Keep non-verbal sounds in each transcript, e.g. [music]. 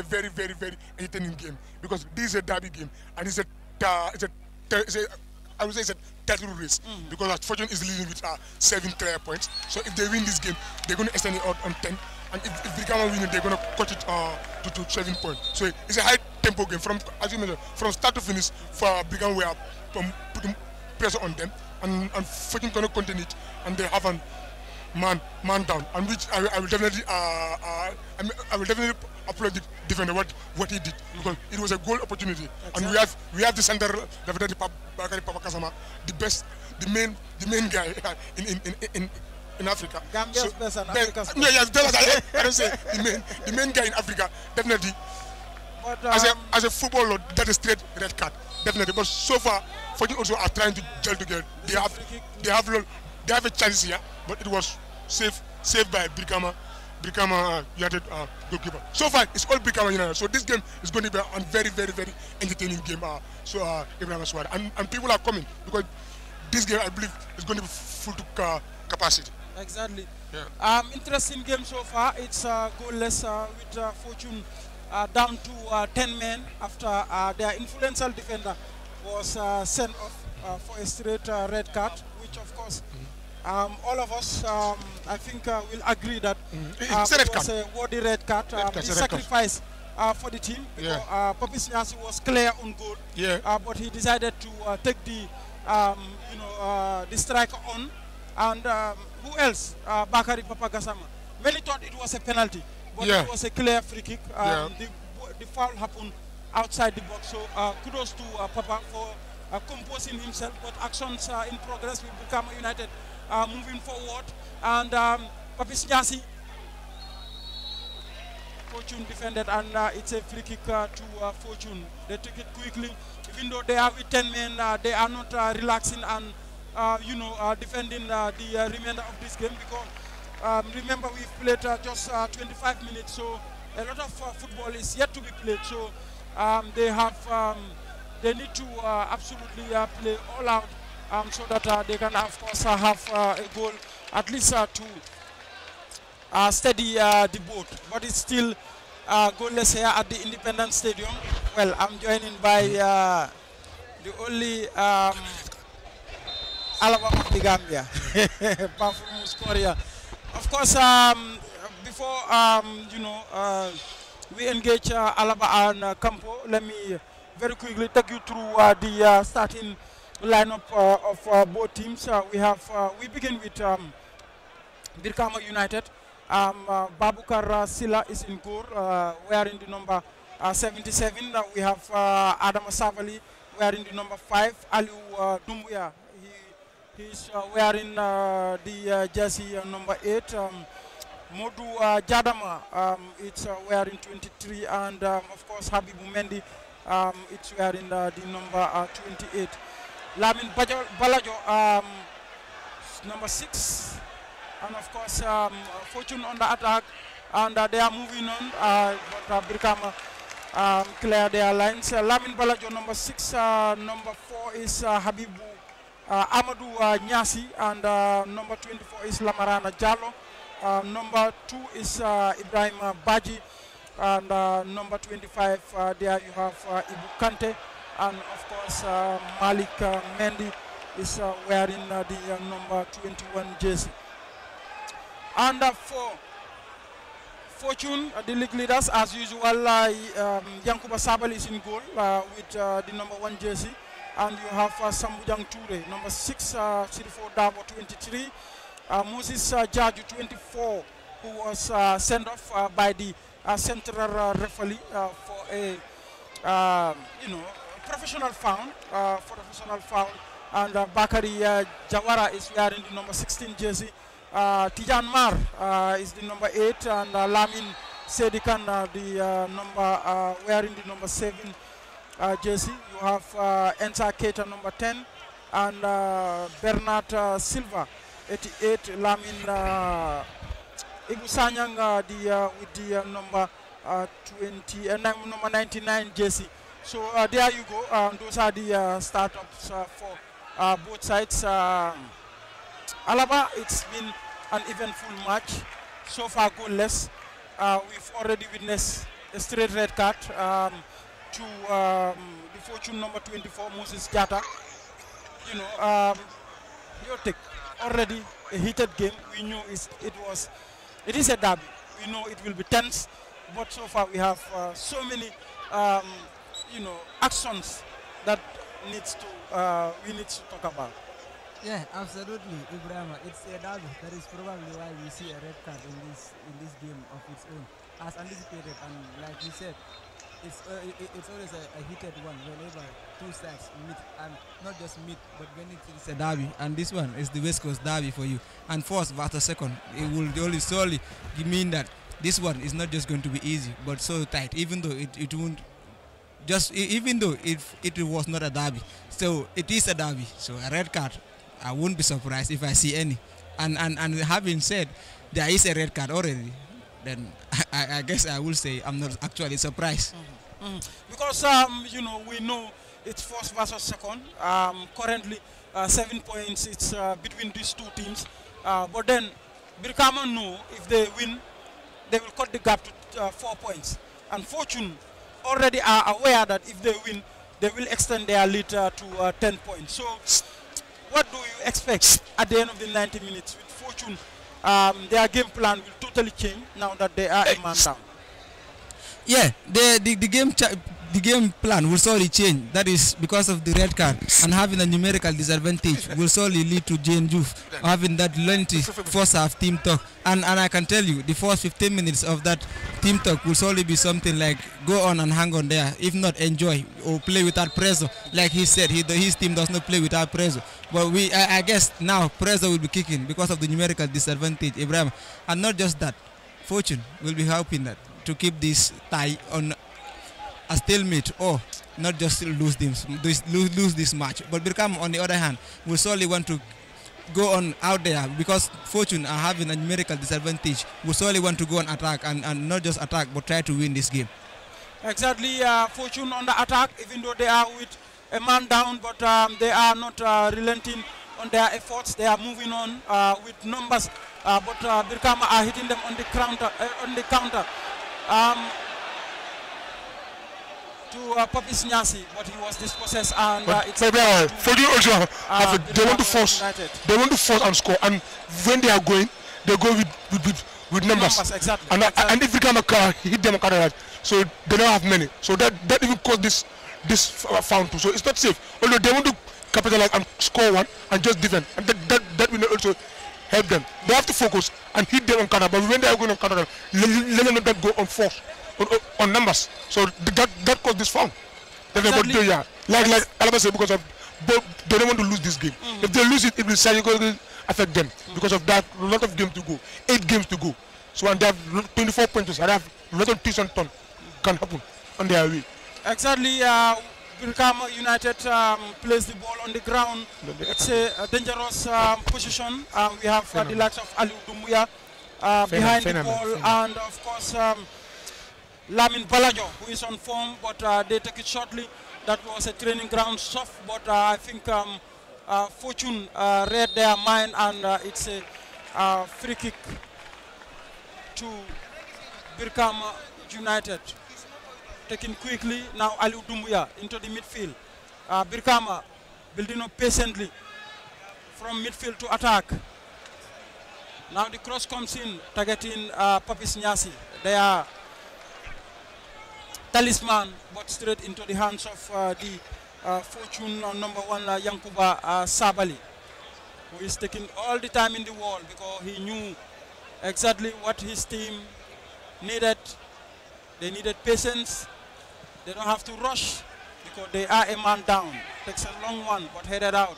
a very, very, very entertaining game because this is a derby game and it's a, it's a, it's a I would say it's a title race mm. because Fortune is leading with uh, seven clear points. So if they win this game, they're going to extend it out on 10. And if, if they cannot win it, they're going to cut it uh, to, to, seven points. So it's a high tempo game. From as you mentioned, from start to finish, for uh, Brigham, we are um, putting pressure on them. And, and Fortune going to contain it. And they have a man man down. And which I, I will definitely, uh, uh I, I will definitely Applaud the defender what what he did mm. because it was a goal opportunity exactly. and we have we have the center David Bakari Papa the best the main the main guy [laughs] in in in, in, in Africa. Gambia's so, best and Africa's no, yes, that was, I, I don't say the main the main guy in Africa definitely. But, um, as a um, as a footballer, that is straight red card definitely. But so far, Fortune also are trying to gel together. They have they have they have a chance here, but it was saved saved by Brigama Become a United uh, goalkeeper. So far, it's all become United. So this game is going to be a very, very, very entertaining game. Uh, so uh, Ibrahim Aswad. And, and people are coming because this game, I believe, is going to be full to uh, capacity. Exactly. Yeah. Um, interesting game so far. It's uh, goalless uh, with uh, Fortune uh, down to uh, 10 men after uh, their influential defender was sent off for a straight red card, which of course um, all of us, um, I think, uh, will agree that mm. it was a worthy red card. Red um, he sacrificed uh, for the team because yeah. uh, was clear on goal, yeah. uh, but he decided to uh, take the um, you know uh, the strike on. And um, who else? Uh, Bakari Papagasama. Many thought it was a penalty, but yeah. it was a clear free kick. the, the foul happened outside the box. So uh, kudos to Papa for composing himself. But actions in progress will become united uh, moving forward. And um, Papis Fortune defended, and uh, it's a free kick uh, to uh, Fortune. They took it quickly. Even though they have 10 men, uh, they are not uh, relaxing and, you know, defending the remainder of this game because, um, remember, we've played just 25 minutes, so a lot of football is yet to be played. So um, they have, um, they need to absolutely play all out um, so that uh, they can, of course, uh, have uh, a goal at least to steady the boat. But it's still goalless here at the Independence Stadium. Well, I'm joining by the only um, Alabama of the Gambia, [laughs] Bafum Muskoria. Of course, um, before um, you know, uh, we engage uh, Alaba and uh, Campo. Let me very quickly take you through uh, the starting lineup of uh, uh, both teams. Uh, we have we begin with um, Birkama United. Um, Babukar Silla is in goal, We are in the number 77. we have Adam Savali wearing the number 5. Ali uh, Dumbuya, he, he's wearing the jersey number 8. Um, Modu uh, Jadama, um, it's uh, wearing 23, and um, of course Habibu Mendi. um, it's wearing uh, the number uh, 28. Lamin Balajo, um, um, number six. And of course, um, Fortune on the attack. And uh, they are moving on. Uh, but uh, become um, clear their lines. Uh, Lamin Balajo, number six. Uh, number four is uh, Habibu uh, Amadou Nyasi. And number 24 is Lamarana Jallo. number two is Ibrahim Baji. And number 25, there you have Ibu Kante and of course uh, Malik uh, Mendy is uh, wearing the number 21 jersey. And for Fortune, the league leaders, as usual, uh, um, Yankuba Sabal is in goal with the number one jersey and you have uh, Sambujang Ture, number 6, uh, 34 Dabo 23, uh, Moses uh, Jaju 24, who was uh, sent off by the central referee for a, um, you know, professional foul uh, for professional foul. And uh, Bakari uh, Jawara is wearing the number 16 jersey. Uh, Tijan Mar uh, is the number 8. And uh, Lamin Sedikan, the number wearing the number 7 jersey. You have uh, Enza Keita, number 10. And Bernard Silva, 88. Lamin uh, Igusanyang, the, with the number 20, number 99 jersey. So uh, there you go. Um, those are the uh, startups uh, for uh, both sides. Uh, Alaba, it's been an eventful match. So far goalless. Uh, we've already witnessed a straight red card um, to um, the fortune number 24, Moses Jata. You know, um, take already a heated game. We knew it was, it is a derby. We know it will be tense, but so far we have so many um, you know, actions that needs to uh, we need to talk about. Yeah, absolutely, Ibrahima. It's a derby That is probably why we see a red card in this in this game of its own, as anticipated. And like you said, it's uh, it's always a, a, heated one whenever two sides meet, and not just meet, but when it's a derby. And this one is the West Coast derby for you. And first a second, it will only solely mean that this one is not just going to be easy, but so tight. Even though it, it won't just even though if it was not a derby, so it is a derby. So a red card, I won't be surprised if I see any. And and and having said there is a red card already, then [laughs] I, I guess I will say I'm not actually surprised. Mm -hmm. Mm -hmm. Because um, you know we know it's first versus second. Um, currently uh, seven points. It's uh, between these two teams. Uh, but then Birkama know if they win, they will cut the gap to uh, four points. And Fortune already are aware that if they win, they will extend their lead uh, to uh, 10 points. So what do you expect at the end of the 90 minutes with Fortune? Um, their game plan will totally change now that they are a man down. Yeah, the, the, the game the game plan will surely change. That is because of the red card and having a numerical disadvantage will surely lead to Jane having that lengthy first half team talk. And and I can tell you, the first 15 minutes of that team talk will surely be something like go on and hang on there. If not, enjoy or play without pressure. Like he said, he, his team does not play without pressure. But we, I, I guess now pressure will be kicking because of the numerical disadvantage, Ibrahim. And not just that, fortune will be helping that to keep this tie on a stalemate or oh, not just lose this, lose, lose this match. But Birkam, on the other hand, will solely want to go on out there because Fortune are having a numerical disadvantage. We solely want to go on attack and, and not just attack but try to win this game. Exactly, uh, Fortune on the attack even though they are with a man down but um, they are not uh, relenting on their efforts. They are moving on uh, with numbers uh, but uh, Birkama are uh, hitting them on the counter. Uh, on the counter. Um, to uh, Popis Nyasi, but he was dispossessed and uh, it's for you also have, uh, a, they want to force United. they want to force and score and when they are going they go with with, with, with numbers. numbers exactly. and, uh, exactly. and if you come a car hit them a car right so they don't have many so that that even caused this this uh, fountain so it's not safe although they want to capitalize and score one and just defend and that that, that will also help them they have to focus and hit them on corner but when they are going on Canada, let, let them not go on force on, on numbers. So that that caused this foul. They exactly. they, yeah, like yes. like Alaba said, because of they, don't want to lose this game. Mm If they lose it, it will psychologically affect them mm because of that. A lot of games to go, eight games to go. So when they have 24 points. And they have a lot of twists and turns can happen on their way. Exactly. Uh, United um, plays the ball on the ground. It's a, a dangerous um, position. Uh, we have uh, the likes of Ali Dumbuya uh, behind the ball, and of course. Um, Lamin Balajo, who is on form, but uh, they took it shortly. That was a training ground soft, but uh, I think um, uh, Fortune uh, read their mind, and uh, it's a uh, free kick to Birkam United. Taken quickly, now Aliu Dumbuya into the midfield. Uh, Birkama building up patiently from midfield to attack. Now the cross comes in, targeting uh, Papis Nyasi. They are talisman but straight into the hands of uh, the uh, fortune uh, number one uh, Yankuba uh, Sabali who is taking all the time in the world because he knew exactly what his team needed. They needed patience. They don't have to rush because they are a man down. Takes a long one, but headed out.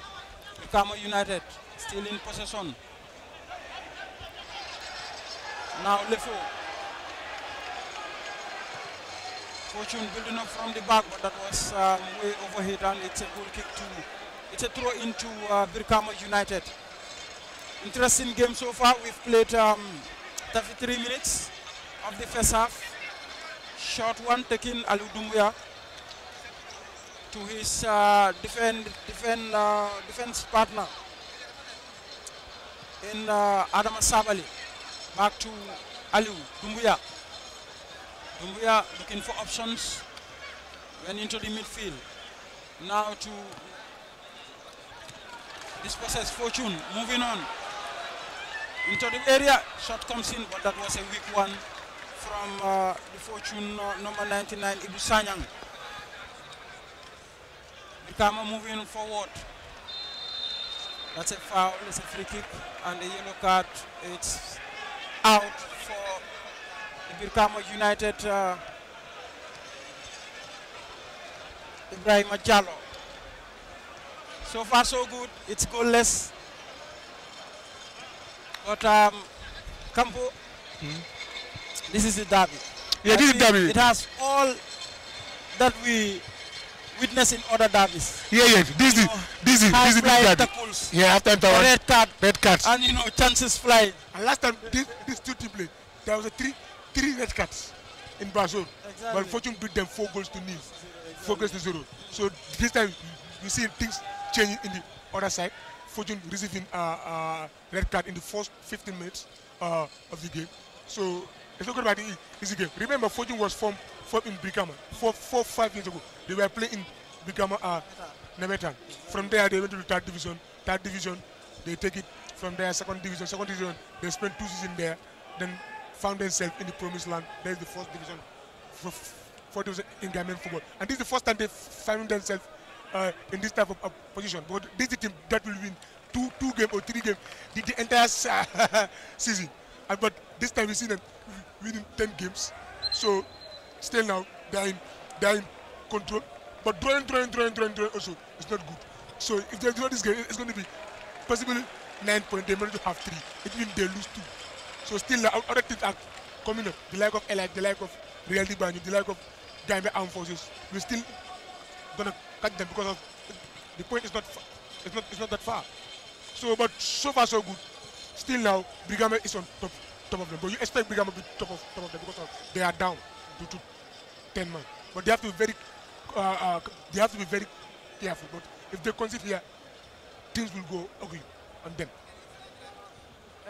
Kamo United still in possession. Now Lefo Fortune building up from the back, but that was um, way overhead, and it's a goal kick to, it's a throw into uh, Birkama United. Interesting game so far. We've played um, 33 minutes of the first half. Short one taking Alu to his uh, defend, defend, uh, defense partner in uh, Adama Sabali. Back to Alu are looking for options. Went into the midfield. Now to this possess Fortune. Moving on. Into the area. Shot comes in, but that was a weak one from uh, the Fortune uh, number 99, Ibu Sanyang. Bikama moving forward. That's a foul, it's a free kick, and a yellow card. It's out for ci biir United uh, Ibrahima Diallo so far so good it's goalless but um, Kampo hmm? this is the derby yeah this is derby it all that we witness in other derbies. Yeah, yeah. This is know, derby. yeah, half time Red card. three three red cards in Brazil. Exactly. But Fortune beat them four goals to nil, exactly. four goals to zero. So this time you see things changing in the other side. Fortune receiving a red card in the first 15 minutes uh, of the game. So it's not talk about the easy game. Remember, Fortune was formed, formed in Brikama four, four, five years ago. They were playing in Brikama uh, Nemetan. From there, they went to the third division. Third division, they take it from there, second division. Second division, they spent two seasons there. Then found themselves in the promised land. There's the first division for, for division in football. And this is the first time they found themselves uh, in this type of, of position. But this is the team that will win two two game or three game the, the entire [laughs] season. And, but this time we see them winning 10 games. So still now they're in, they're in control. But drawing, drawing, drawing, drawing, drawing also is not good. So if they draw this game, it's going to be possibly nine points. They manage to have three. It means they lose two. So still uh, other things are coming up. The like of LI, the like of Reality Banjo, the like of Gambia Armed Forces. We're still gonna catch them because of the point is not it's not it's not that far. So but so far so good. Still now Brigadier is on top top of them. But you expect Brigadier to be top of top of them because of, they are down due to ten men? But they have to be very uh, uh, they have to be very careful. But if they concede here, things will go ugly on them.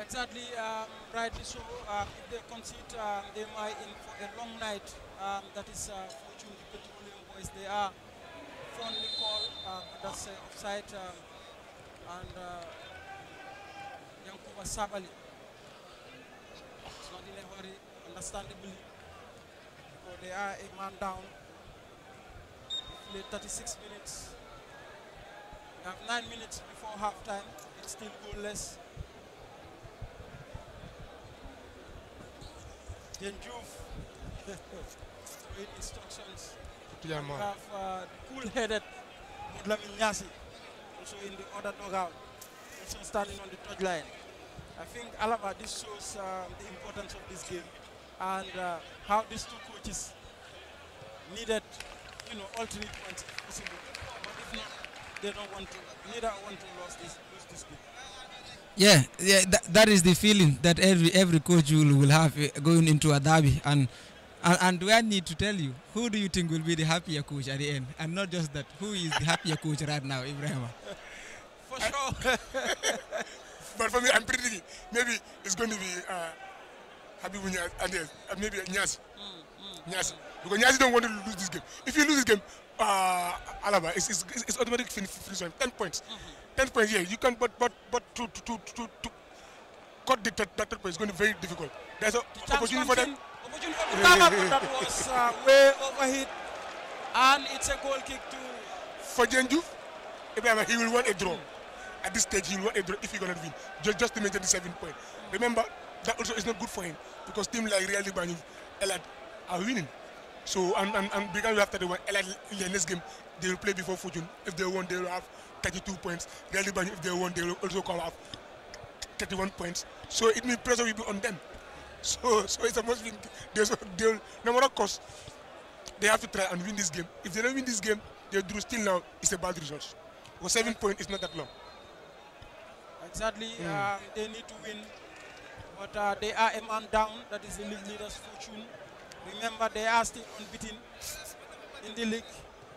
Exactly, um, uh, rightly so. Uh, if they concede, uh, they might in for a long night. Um, that is uh, fortune the petroleum boys. They are fondly called, um, that's uh, offside, um, and uh, Yankuba Sabali. It's not in a hurry, understandably, but they are a man down. Played 36 minutes. have nine minutes before halftime. It's still goalless. Dendrouf [laughs] with instructions have uh, cool-headed Mudlamin Nyasi also in the other dugout, also standing on the third line. I think Alaba, this shows um, the importance of this game and uh, how these two coaches needed, you know, alternate points if possible. But if not, they don't want to, neither want to lose this, lose this game. Yeah, yeah, that, that is the feeling that every every coach will, will have eh, going into a derby, and, and and do I need to tell you who do you think will be the happier coach at the end, and not just that, who is the happier coach right now, Ibrahim? [laughs] For sure. [laughs] but for me, I'm pretty maybe it's going to be uh, Habib and uh, uh, maybe Nyasi. Mm, mm, Nyasi. Mm. Because Nyasi don't want to lose this game. If you lose this game, uh, Alaba, it's, it's, it's automatic finish, finish 10 points. -hmm. 10 points, yeah, you can, but but but to to to to, to cut the that, that 10 points is going to be very difficult. There's a the opportunity for them. Opportunity for Kutama, but that was uh, way overhit, and it's a goal kick too. For Genju, Ibrahim, he will want a draw. At this stage, he will want a draw if he's going to win, just, just to maintain the seven point. Remember, that also is not good for him because teams like Real Libanese, Elad are winning. So, and, and, and because after they won Elad in the next game, they will play before Fujun. If they won, they will have 32 points. Really, if they won, they will also come up 31 points. So it means pressure will be on them. So so it's a must win. There's, they'll, no matter cost, they have to try and win this game. If they don't win this game, they drew still now. It's a bad result. For seven points is not that long. Exactly. Mm. Uh, they need to win. But uh, they are a man down. That is the league leader's fortune. Remember, they are still unbeaten in the league.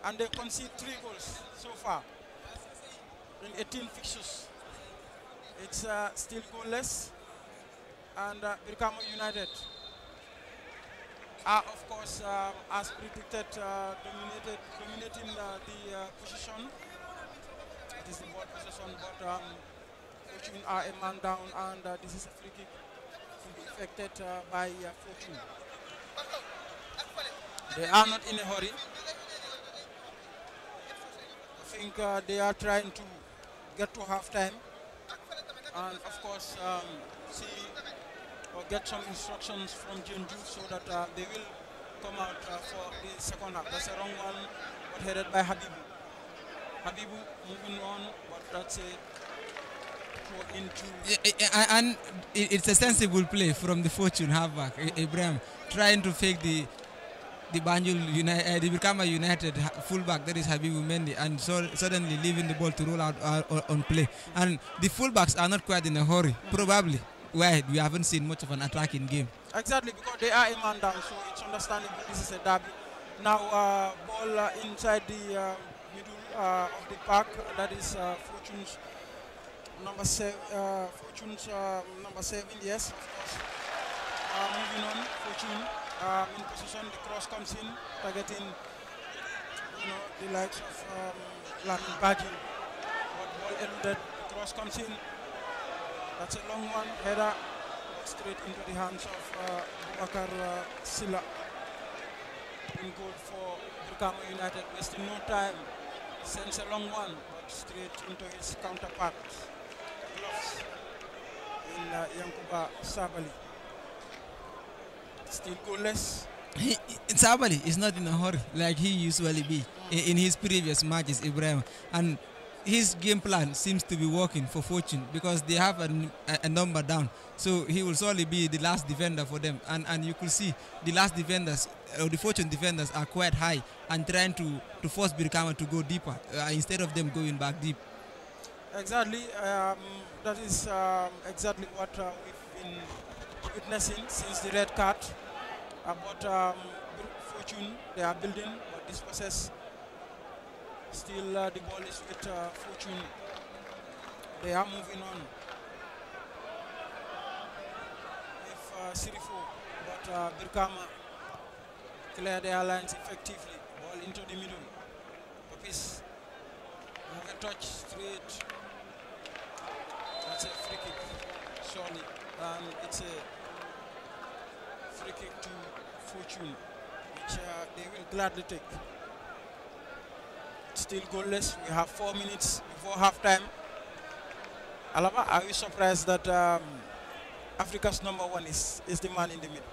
And they concede three goals so far in 18 fixtures. It's uh, still goalless and uh, Birkamo United are, of course, uh, as predicted, uh, dominated, dominating uh, the position. It is the ball position, but um, Fortune are a man down, and this is a free kick to be affected by Fortune. They are not in a hurry. I think they are trying to get to halftime and, of course, um, see or get some instructions from June so that uh, they will come out uh, for the second half. That's a wrong one, but headed by Habibu. Habibu moving on, but that's a throw into. Yeah, and it's a sensible play from the fortune halfback, Ibrahim, trying to fake the the Banjul eh, United, uh, they become a United fullback that is Habibu Mendy, and so suddenly leaving the ball to roll out uh, on play. And the fullbacks are not quite in a hurry, probably Why we haven't seen much of an attacking game. Exactly because they are a man down, so it's understandable this is a derby. Now uh, ball uh, inside the uh, middle uh, of the park, that is uh, Fortune's number seven. Fortune's number seven, yes. moving on, Fortune um, in position, the cross comes in, targeting you know, the likes of um, Latin Bagging. But ball eluded, the cross comes in. That's a long one, header straight into the hands of uh, Bakar uh, Silla. In goal for Brikama United, wasting no time. Sends a long one, but straight into his counterpart. Gloves in uh, Yankuba Sabali. Still goalless? He, Sabali is not in a hurry like he usually be in, in his previous matches, Ibrahim. And his game plan seems to be working for Fortune because they have a, a, number down. So he will surely be the last defender for them. And and you could see the last defenders or uh, the Fortune defenders are quite high and trying to, to force Birkama to go deeper uh, instead of them going back deep. Exactly. Um, that is um, exactly what uh, we've been witnessing since the red card about um, fortune they are building, but this process still uh, the ball is with uh, fortune. They are moving on. With uh, Sirifo, but uh, Birkama clear their lines effectively. Ball into the middle. Papis have a touch straight. That's a free kick, surely. And it's a free kick to Fortune, which uh, they will gladly take. Still goalless. We have four minutes before halftime. Alaba, are you surprised that um, Africa's number one is, is the man in the middle?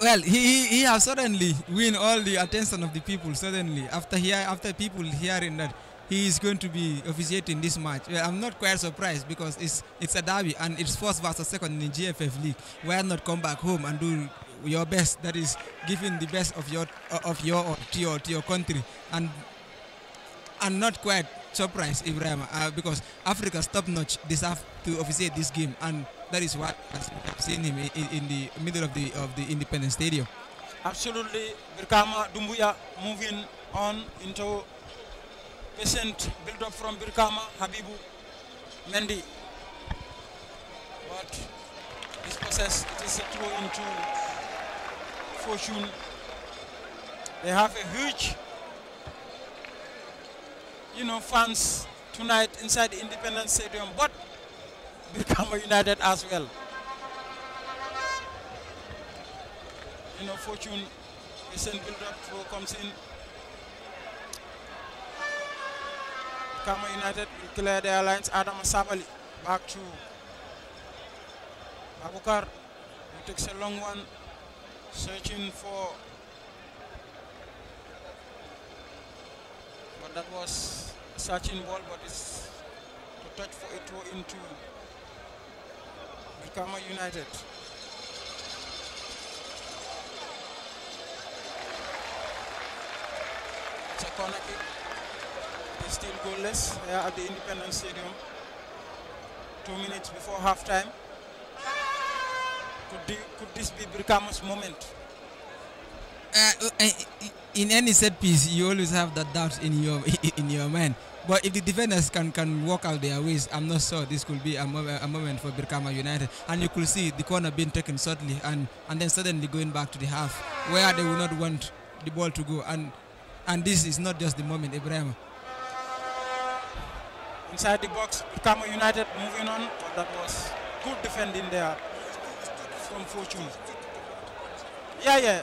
Well, he, he has suddenly win all the attention of the people, suddenly, after, hear, after people hearing that he is going to be officiating this match. Uh, I'm not quite surprised because it's it's a derby and it's first versus second in the GFF league. Why not come back home and do your best? That is giving the best of your uh, of your to your, to your country and and not quite surprised, Ibrahim, uh, because Africa's top notch deserve to officiate this game, and that is what I've seen him in, in the middle of the of the Independence Stadium. Absolutely, Birkama Dumbuya moving on into patient build up from Birkama, Habibu, Mendi. But this process, it is a throw into fortune. They have a huge, you know, fans tonight inside the Independence Stadium, but Birkama United as well. You know, fortune, patient build up throw comes in. Kama United will clear their lines. Adam Sabali back to Abukar. He takes a long one, searching for. But that was a searching ball, but it's to touch for it to into Kama United. It's a corner kick is still goalless at the Independence Stadium. Two minutes before halftime. Could, could this be Brikamo's moment? Uh, uh in any set piece, you always have that doubt in your [laughs] in your mind. But if the defenders can, can walk out their ways, I'm not sure this could be a, mo a moment for Birkama United. And you could see the corner being taken shortly and, and then suddenly going back to the half where they will not want the ball to go. And and this is not just the moment, Ibrahim inside the box. Kamo United moving on, but that was good defending there from Fortune. Yeah, yeah.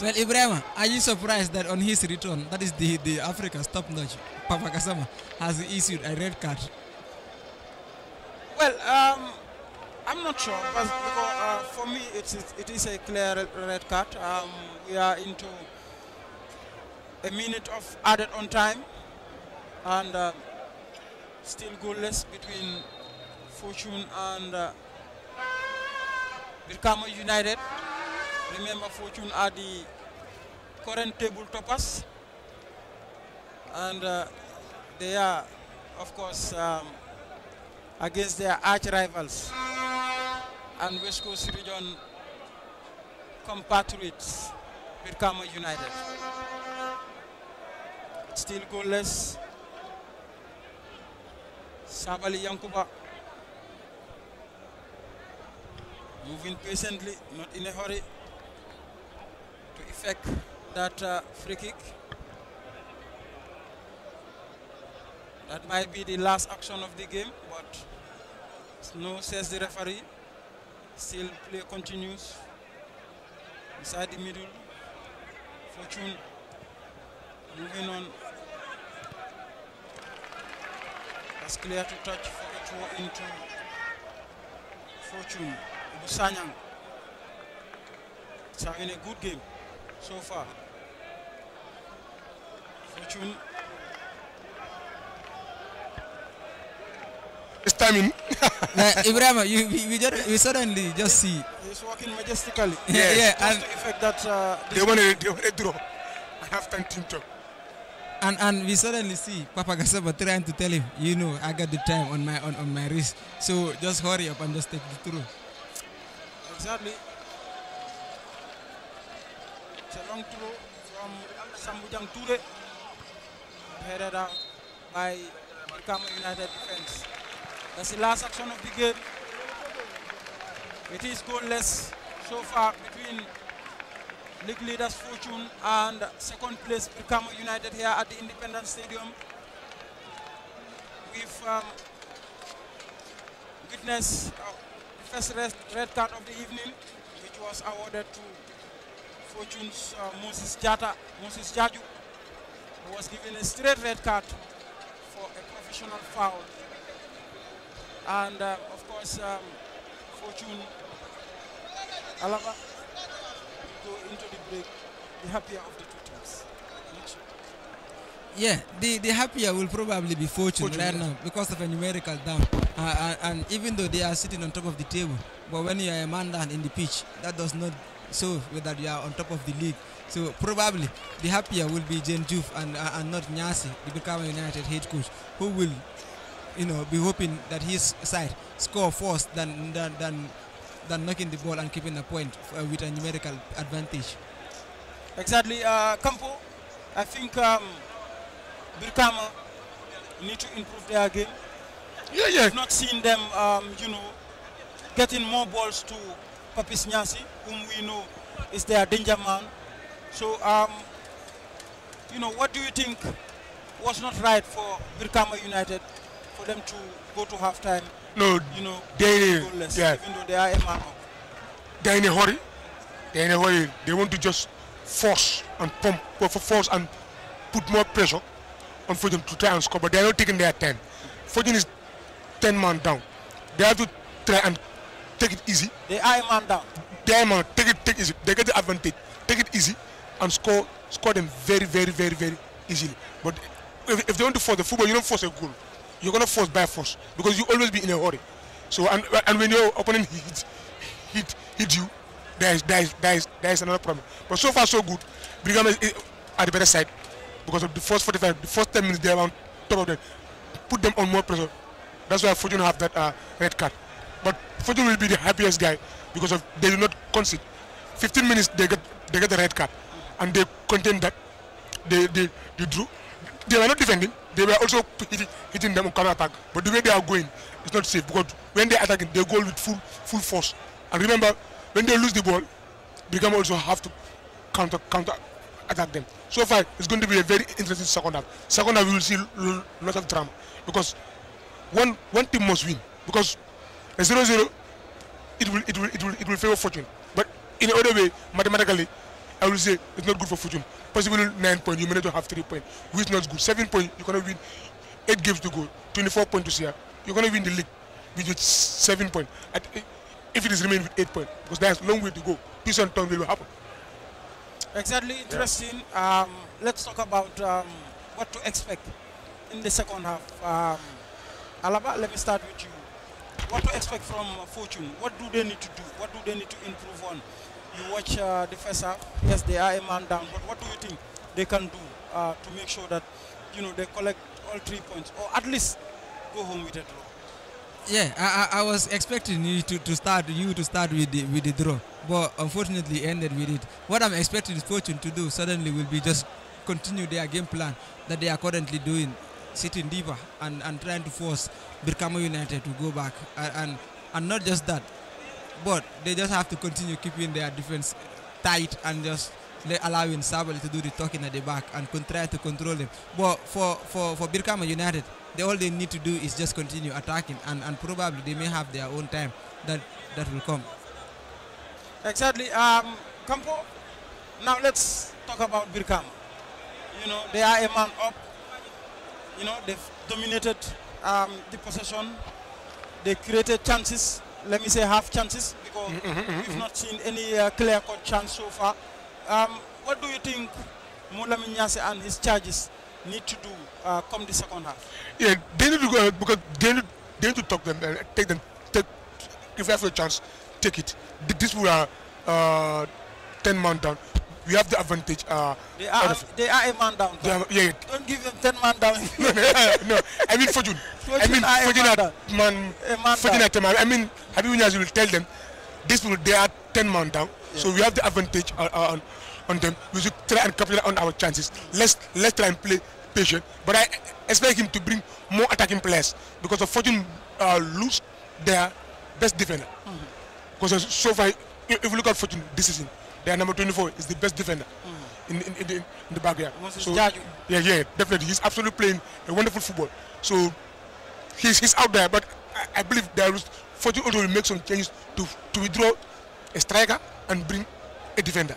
Well, Ibrahim, are you surprised that on his return, that is the, the Africa's top notch, Papa Kasama has issued a red card? Well, um, I'm not sure, but because, uh, for me it is, it is a clear red card. Um, we are into a minute of added on time and uh, still goalless between Fortune and uh, United. Remember, Fortune are the current table toppers, and uh, they are, of course, um, against their arch rivals and West Coast region compatriots, Birkama United. Still goalless. Sabali Yankuba moving patiently, not in a hurry fake that uh, free kick. That might be the last action of the game, but no, says the referee. Still play continues. Inside the middle. Fortune moving on. That's clear to touch for a throw into Fortune. Busanyang. It's having a good game so far. Fortune. It's timing. [laughs] Ibrahim, you, we, we, just, we suddenly just see. He's walking majestically. [laughs] Yeah, yeah. And the effect that uh, they want to they want to draw have time to talk. And and we suddenly see Papa Gasaba trying to tell him, you know, I got the time on my on, on my wrist, so just hurry up and just take the throw. Exactly. It's a long throw from Sambujang Ture. Headed out by Kama United defense. That's the last action of the game. It is goalless so far between league leaders Fortune and second place Birkama United here at the Independence Stadium. We've um, witnessed uh, the first red card of the evening, which was awarded to Fortune's uh, Moses Jata, Moses Jaju, who was given a straight red card for a professional foul. And uh, of course, um, Fortune Alaba go into the break the happier of the two teams. Yeah, the, the happier will probably be Fortune, Fortune right now because of a numerical down. Uh, and, uh, and even though they are sitting on top of the table, but when you are a man down in the pitch, that does not so that you are on top of the league. So probably the happier will be Jane Juf and, uh, and not Nyasi, the Bukawa United head coach, who will, you know, be hoping that his side score first than than than, than knocking the ball and keeping the point uh, with a numerical advantage. Exactly, uh, Campo. I think um, Birkama need to improve their game. Yeah, yeah. I've not seen them, um, you know, getting more balls to Papis Nyasi whom we know is their danger man. So, um, you know, what do you think was not right for Birkama United for them to go to halftime? No, you know, they, goalless, yeah. even though they are a man They're in a hurry. They're in a hurry. They want to just force and pump, well, for force and put more pressure on Fujin to try and score, but they're not taking their time. Fujin is 10 man down. They have to try and take it easy. They are a man down. Diamond, take it, take it easy. They get the advantage. Take it easy and score score them very, very, very, very easily. But if, if they want to force the football, you don't force a goal. You're going to force by force because you always be in a hurry. So, and, and when your opponent hits, hit, hit you, there is, there, is, there, is, there is another problem. But so far, so good. Brigham is, at the better side because of the first 45, the first 10 minutes, they're on top of them. Put them on more pressure. That's why Fortune have that uh, red card. But Fortune will be the happiest guy because of they did not concede. 15 minutes they get they get the red card, and they contain that. They they, they drew. They were not defending. They were also hitting, hitting them on counter attack. But the way they are going, it's not safe because when they attacking, they go with full full force. And remember, when they lose the ball, become also have to counter counter attack them. So far, it's going to be a very interesting second half. Second half, we will see lots of drama because one one team must win because a 0-0 it will, it will, it will, it will favor fortune. But in other way, mathematically, I will say it's not good for fortune. Possibly nine point, you may not have three point, which is not good. Seven point, you gonna win. Eight games to go, 24 point to year, You're gonna win the league with seven point. At, if it is remaining with eight point, because there's a long way to go. Peace and turn will happen. Exactly, interesting. Yeah. Um, let's talk about um, what to expect in the second half. Um, Alaba, let me start with you what to expect from Fortune? What do they need to do? What do they need to improve on? You watch uh, the first half. Yes, they are a man down. But what do you think they can do uh, to make sure that you know they collect all three points, or at least go home with a draw? Yeah, I, I was expecting you to, to start you to start with the with the draw, but unfortunately ended with it. What I'm expecting Fortune to do suddenly will be just continue their game plan that they are currently doing sitting deeper and, and trying to force Birkama United to go back. And, and, not just that, but they just have to continue keeping their defense tight and just allowing Sabali to do the talking at the back and try to control them. But for, for, for Birkama United, they, all they need to do is just continue attacking and, and probably they may have their own time that, that will come. Exactly. Um, now let's talk about Birkama. You know, they are a man up you know, they've dominated um, the possession. They created chances. Let me say half chances because mm-hmm, mm-hmm, we've mm-hmm. not seen any uh, clear-cut chance so far. Um, what do you think Mula Nyase and his charges need to do uh, come the second half? Yeah, they need to go because they need, they need to talk them, uh, take them, take, if you have a chance, take it. This will are uh, uh, 10 man down we have the advantage. Uh, they, are, they are a man down. Are, yeah, yeah. Don't give them 10 man down. [laughs] no, no, I mean Fortune. [laughs] I mean Fortune at man. Fortune at man. I mean Habib Niaz will tell them, this will they are 10 man down. Yeah. So we have the advantage on, uh, uh, on, on them. We should try and capitalize on our chances. Let's let's try and play patient. But I expect him to bring more attacking players because of Fortune uh, lose their best defender. Mm-hmm. Because mm -hmm. so far, if you look at Fortune this season, number 24 is the best defender mm. in, in, in, the, in the backyard. So, yeah, yeah, definitely. He's absolutely playing a wonderful football. So he's, he's out there, but I, I believe there is Fortune also will make some changes to, to withdraw a striker and bring a defender.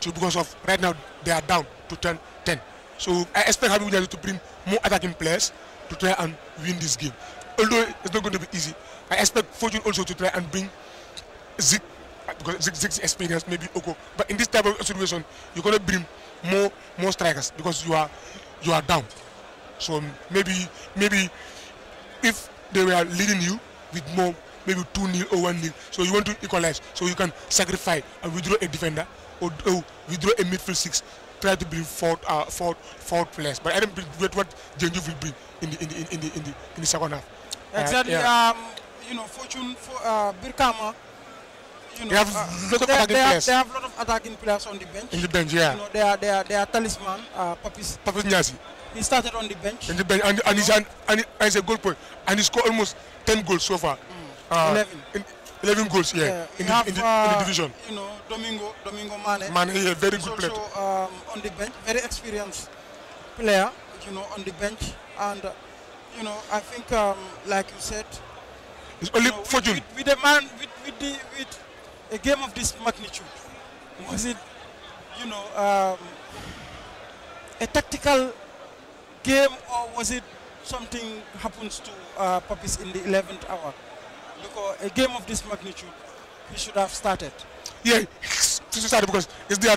So because of right now they are down to 10. 10. So I expect Habib to bring more attacking players to try and win this game. Although it's not going to be easy, I expect Fortune also to try and bring Zeke because Zig's experience, maybe okay, But in this type of situation, you're going to bring more more strikers because you are you are down. So maybe maybe if they were leading you with more, maybe 2 nil or 1 nil, so you want to equalize, so you can sacrifice and withdraw a defender or, or withdraw a midfield six, try to bring fourth uh, players. But I don't wait what Genju will bring in the in the in the in the, in the second half. Exactly. Uh, yeah. um, you know, fortune for uh, Birkama you know, they have uh, lot of they, attacking they have, they have a lot of attacking players on the bench. In the bench, yeah. You know, they are they are they are talisman. Uh, Papis. Papis Nyasi. He started on the bench. In the bench, and, and, he's, an, and, he's a goal point, and he scored almost ten goals so far. Mm. Uh, Eleven. In, 11 goals, yeah, yeah in, the, have, in, the, uh, in, the, uh, division. You know, Domingo, Domingo Mane. Mane, yeah, very good also, player. Um, on the bench, very experienced player, you know, on the bench. And, uh, you know, I think, um, like you said, it's only you know, fortune. With, with, the man, with, with, the, with a game of this magnitude, was it, you know, um, a tactical game or was it something happens to uh, in the 11th hour? Because a game of this magnitude, he should have started. Yeah, he should because it's their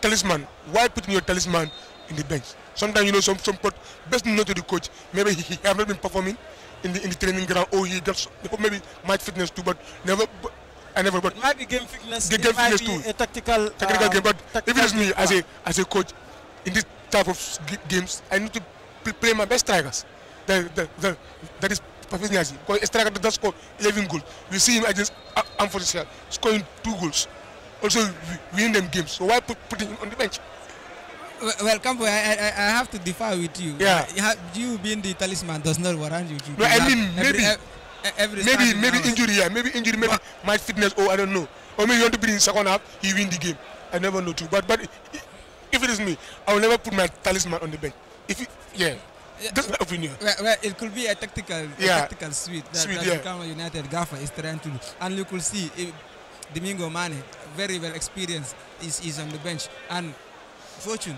talisman. Why putting your talisman in the bench? Sometimes, you know, some, some put best known to the coach, maybe he, he has not been performing in the, in the training ground or he got maybe might fitness too, but never but I never. But it game fitness. Game, game fitness too. A eh, tactical. Technical um, game, but if it is me, as a as a coach, in this type of games, I need to play my best strikers. The, the, the, that is perfect Because a striker does score 11 goals. We see him against Amphorisia scoring two goals. Also winning them games. So why put, him on the bench? Well, Campo, I, I, I have to differ with you. Yeah. You, being the talisman does not warrant you No, I mean, maybe. Every, eh, every maybe maybe hours. injury, yeah, maybe injury, maybe but, fitness. Oh, I don't know. Or maybe you want to be in second half, he win the game. I never know too. But but if it is me, I will never put my talisman on the bench. If it, yeah. Yeah. That's my opinion. Well, well, it could be a tactical, yeah. a tactical suite that, suite, that yeah. United Gaffer is trying to do. And you could see if eh, Domingo Mane, very well experienced, is, is on the bench. And Fortune,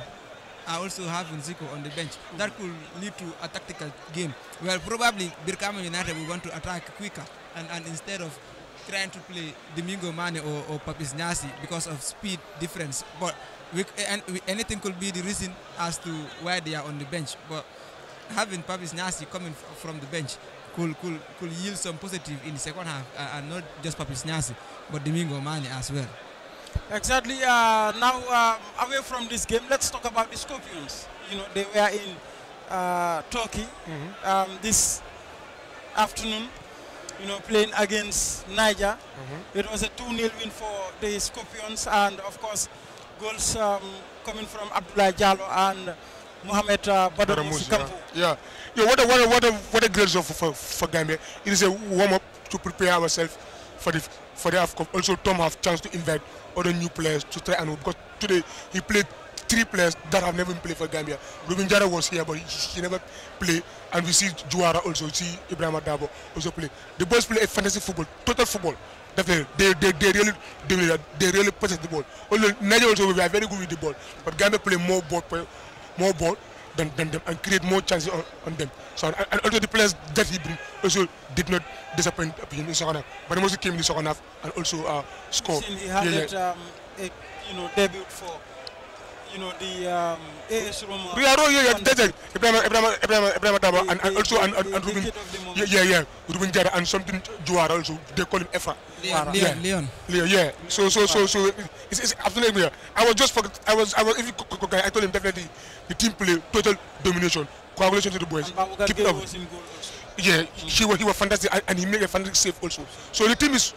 are also having Zico on the bench. That could lead to a tactical game. Well, probably Birkama United will want to attack quicker and, and instead of trying to play Domingo Mane or, or Papis Nasi because of speed difference. But we, and, we, anything could be the reason as to why they are on the bench. But having Papis Nasi coming from the bench could, could, could yield some positive in the second half, uh, and not just Papis Nasi, but Domingo Mane as well. Exactly. Uh, now, uh, away from this game, let's talk about the Scorpions. You know, they were in uh, Turkey mm -hmm. um, this afternoon, you know, playing against Niger. Mm -hmm. It was a 2-0 win for the Scorpions and, of course, goals um, coming from Abdullah Jalo and Mohamed uh, Badamus yeah. yeah. yeah. what a, what a, what a, what a great job for, for, for Gambia. It is a warm-up to prepare ourselves for the, for the AFCON. Also, Tom have chance to invite other new players to try and win. Because today he played three players that have never played for Gambia. Rubin Jara was here, but he, he never played. And we see Juara also, see Ibrahim Adabo also play. The boys play a fantasy football, total football. Definitely, they, they, they really possess the ball. Although Nigeria also, we are very good with the ball. But Gambia play more ball, them, and create more chances on, on them. So, and, and the players that he bring also did not disappoint in uh, the second half, but he also came in the second half and also uh, scored. He had yeah, that, um, a, you know, debut for you know, the um, AS Roma. Yeah, no, yeah, yeah, that's it. Ibrahim, Ibrahim, Ibrahim, Ibrahim and, and also and, and, and Ruben. Yeah, yeah, yeah. Ruben Jara and something Juara also. They call him Efa. Leon, yeah. Leon. Leon, yeah. So, so, so, so, it's, it's absolutely clear. I was just, forget, I was, I was, if you, I told him definitely the team play total domination, Congratulations to the boys. Keep it up. Yeah, mm. he, was, he was fantastic, and, he made a fantastic save also. So the team is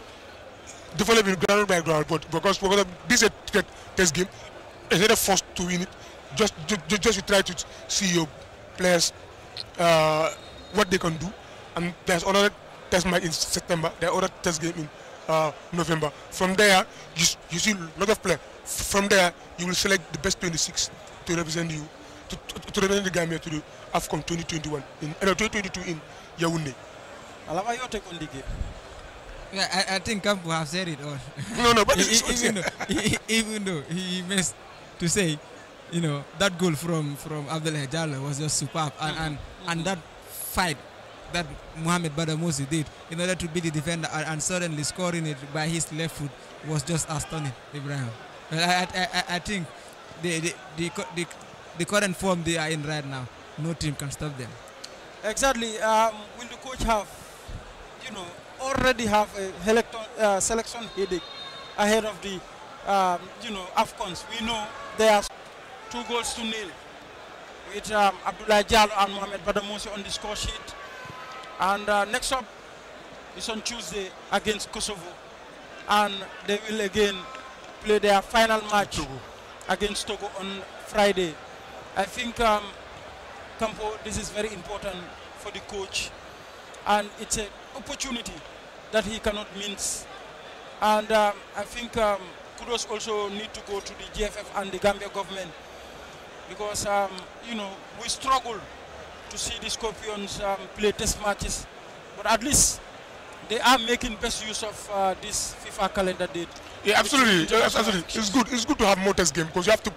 developing ground by ground, but because, because this is uh, a test game, instead of forced to win it, just just, just try to see your players uh, what they can do. And there's another test match in September. There's another test game in uh, November. From there, you, you see a lot of players. From there, you will select the best 26 to represent you, to, to, represent the Gambia to the AFCON 2021 in uh, eh, 2022 in Yaoundé. Alaba, your take on the game? Yeah, I, I think Kampu have said it all. No, no, but [laughs] even, though, [laughs] even though he missed to say, you know, that goal from from Abdullah Jallo was just superb, and and, mm -hmm. and that fight that Mohamed Badamosi did in order to beat the defender and, and, suddenly scoring it by his left foot was just astonishing, Ibrahim. But I, I, I, think the the, the the, the current form they are in right now, no team can stop them. Exactly. Um, will the coach have, you know, already have a uh, selection headache ahead of the, um, you know, Afcons? We know there, are two goals to nil with um, Abdullah Jal and Mohamed Badamosi on the score sheet. And uh, next up is on Tuesday against Kosovo. And they will again play their final match Togo. against Togo on Friday. I think, um, Campo, this is very important for the coach. And it's an opportunity that he cannot miss. And um, I think um, kudos also need to go to the GFF and the Gambia government because, um, you know, we struggle to see the Scorpions um, play test matches, but at least they are making best use of uh, this FIFA calendar date. Yeah, absolutely. absolutely. It's good. It's good to have more test game because you have to,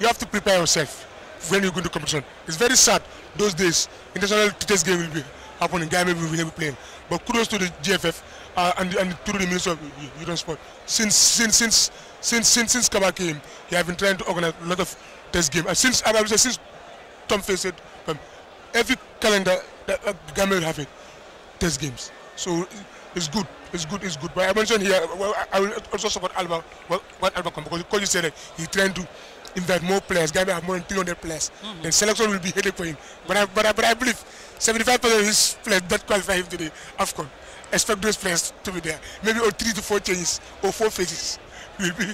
you have to prepare yourself when you go to competition. It's very sad those days. International test game will be happening. Gambia will be playing. But kudos to the GFF uh, and, and to the Minister of Youth and Sport. Since since since since since since Kaba came, he has been trying to organize a lot of test games. And since I say, since Tom faced it, um, every calendar that uh, Gambia will have it, test games. So it's good, it's good, it's good. But I mentioned here, well, I will also support Alba, Well, what Alba come because, you said that he's trying to invite more players. Gambia have more than 300 players. Mm -hmm. The selection will be headache for him. But I, but I, but I believe 75% of his players that qualify him today, expect those players to be there. Maybe or three to four changes or four phases will be,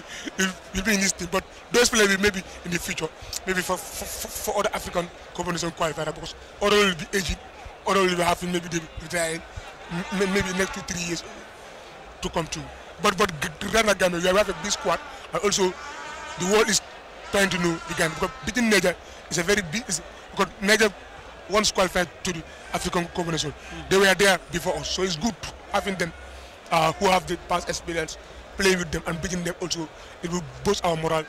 will be in this team. But those players will maybe in the future, maybe for, for, for other African companies on qualifier because other will be aging, other will be having maybe they retiring, maybe next two, three years to come to. But but Ghana, Ghana, we have a big squad, and also the world is trying to know the game. because beating Niger is a very big. because Niger once qualified to the African combination. Mm. They were there before us, so it's good having them uh, who have the past experience play with them and beating them also, it will boost our morale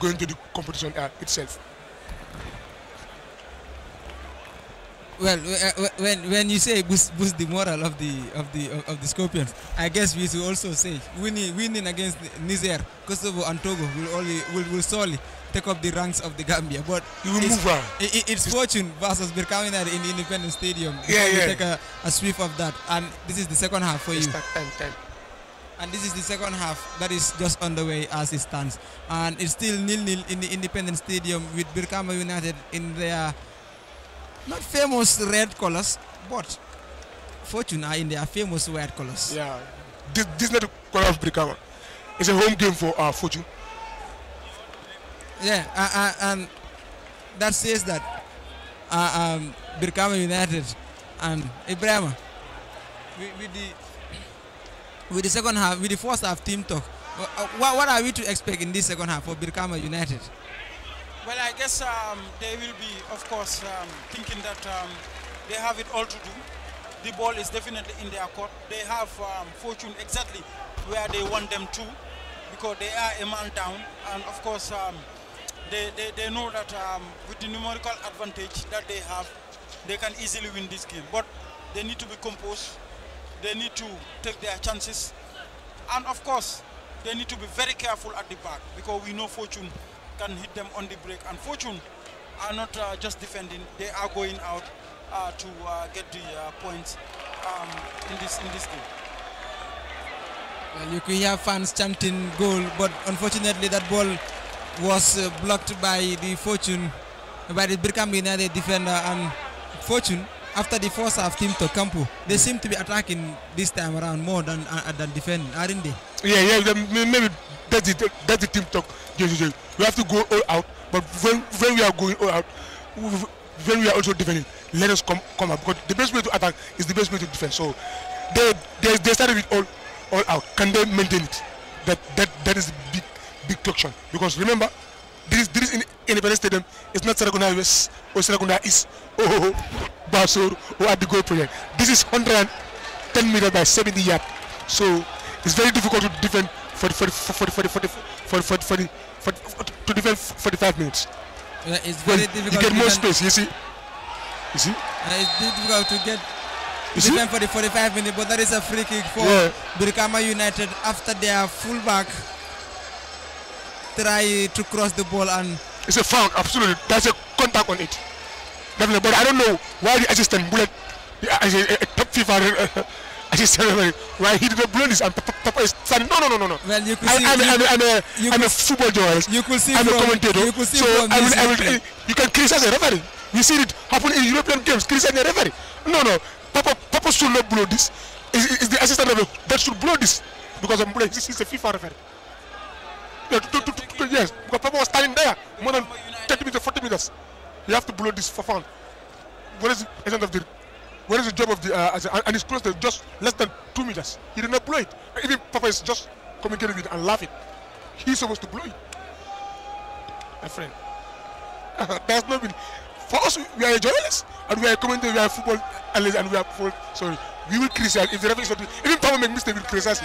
going to the competition uh, itself. Well, uh, when when you say boost boost the morale of the of the of the Scorpions, I guess we should also say winning winning against Niger, Kosovo, and Togo will only will, will solely take up the ranks of the Gambia. But you will move on. It, it's, it's fortune versus that in the Independence Stadium. Yeah, yeah. Take a, a sweep of that, and this is the second half for it's you. Time, time. And this is the second half that is just underway as it stands. And it's still nil-nil in the Independence Stadium with Birkama United in their not famous red colors, but Fortune are in their famous red colors. Yeah, this, this is not the color of Birkama. It's a home game for uh, Fortune. Yeah, uh, uh, and that says that uh, um, Birkama United and Ibrahima with, with the with the second half, with the first half team talk. What, what are we to expect in this second half for Birkama United? Well, I guess um, they will be, of course, um, thinking that um, they have it all to do. The ball is definitely in their court. They have um, fortune exactly where they want them to because they are a man down. And, of course, um, they, they, they know that um, with the numerical advantage that they have, they can easily win this game. But they need to be composed they need to take their chances. And of course, they need to be very careful at the back because we know Fortune can hit them on the break. And Fortune are not uh, just defending, they are going out uh, to uh, get the uh, points um, in, this, in this game. Well, you could hear fans chanting goal, but unfortunately that ball was uh, blocked by the Fortune, by the Birkham United defender and Fortune after the first half team to Campo, they seem to be attacking this time around more than uh, uh than defending, aren't they? Yeah, yeah, maybe that's the, that's the team talk. We have to go all out, but when, when we are going all out, when we are also defending, let us come come up because the best way to attack is the best way to defend. So they they, they started with all all out. Can they maintain it? That that that is big big question because remember this this in Independence Stadium is not Saragunda West or Saragunda East. Oh, oh, oh. Basur who had the goal project. This is 110 meters by 70 yards. So it's very difficult to defend for the, 40, 40, 40, 40, to defend 45 minutes. Yeah, it's very well, difficult. You get more space, you see. You see? Uh, it's difficult to get you defend see? for the 45 minutes, but that is a free kick for yeah. Birkama United after their fullback try to cross the ball and... It's a foul, absolutely. That's a contact on it. definitely. But I don't know why the assistant bullet, the uh, top FIFA uh, eh, assistant, why he did a bullet this and Papa is standing. No, no, no, no, no. Well, you could I, see, I'm, I'm, I'm, a, you I'm could, a football journalist. You could see I'm from, a commentator. You could see so from I will, I will, I, you a referee. We see it happen in European games, criticize the referee. No, no. Papa, Papa should not blow this. Is the assistant that should blow this because I'm this is a FIFA referee. Yeah, to, to, to, yes, because Papa was standing there more than You have to blow this for fun. What is the end of the? What is the job of the? Uh, a, and it's close to just less than two meters. He did not blow it. Even Papa is just communicating with it and laughing. He's supposed to blow it. My friend, [laughs] that's not been. For us, we are a journalist and we are a commentator, we are a football analysts and we are football. Sorry, we will criticize if the referee is not. Even Papa make mistake, we will criticize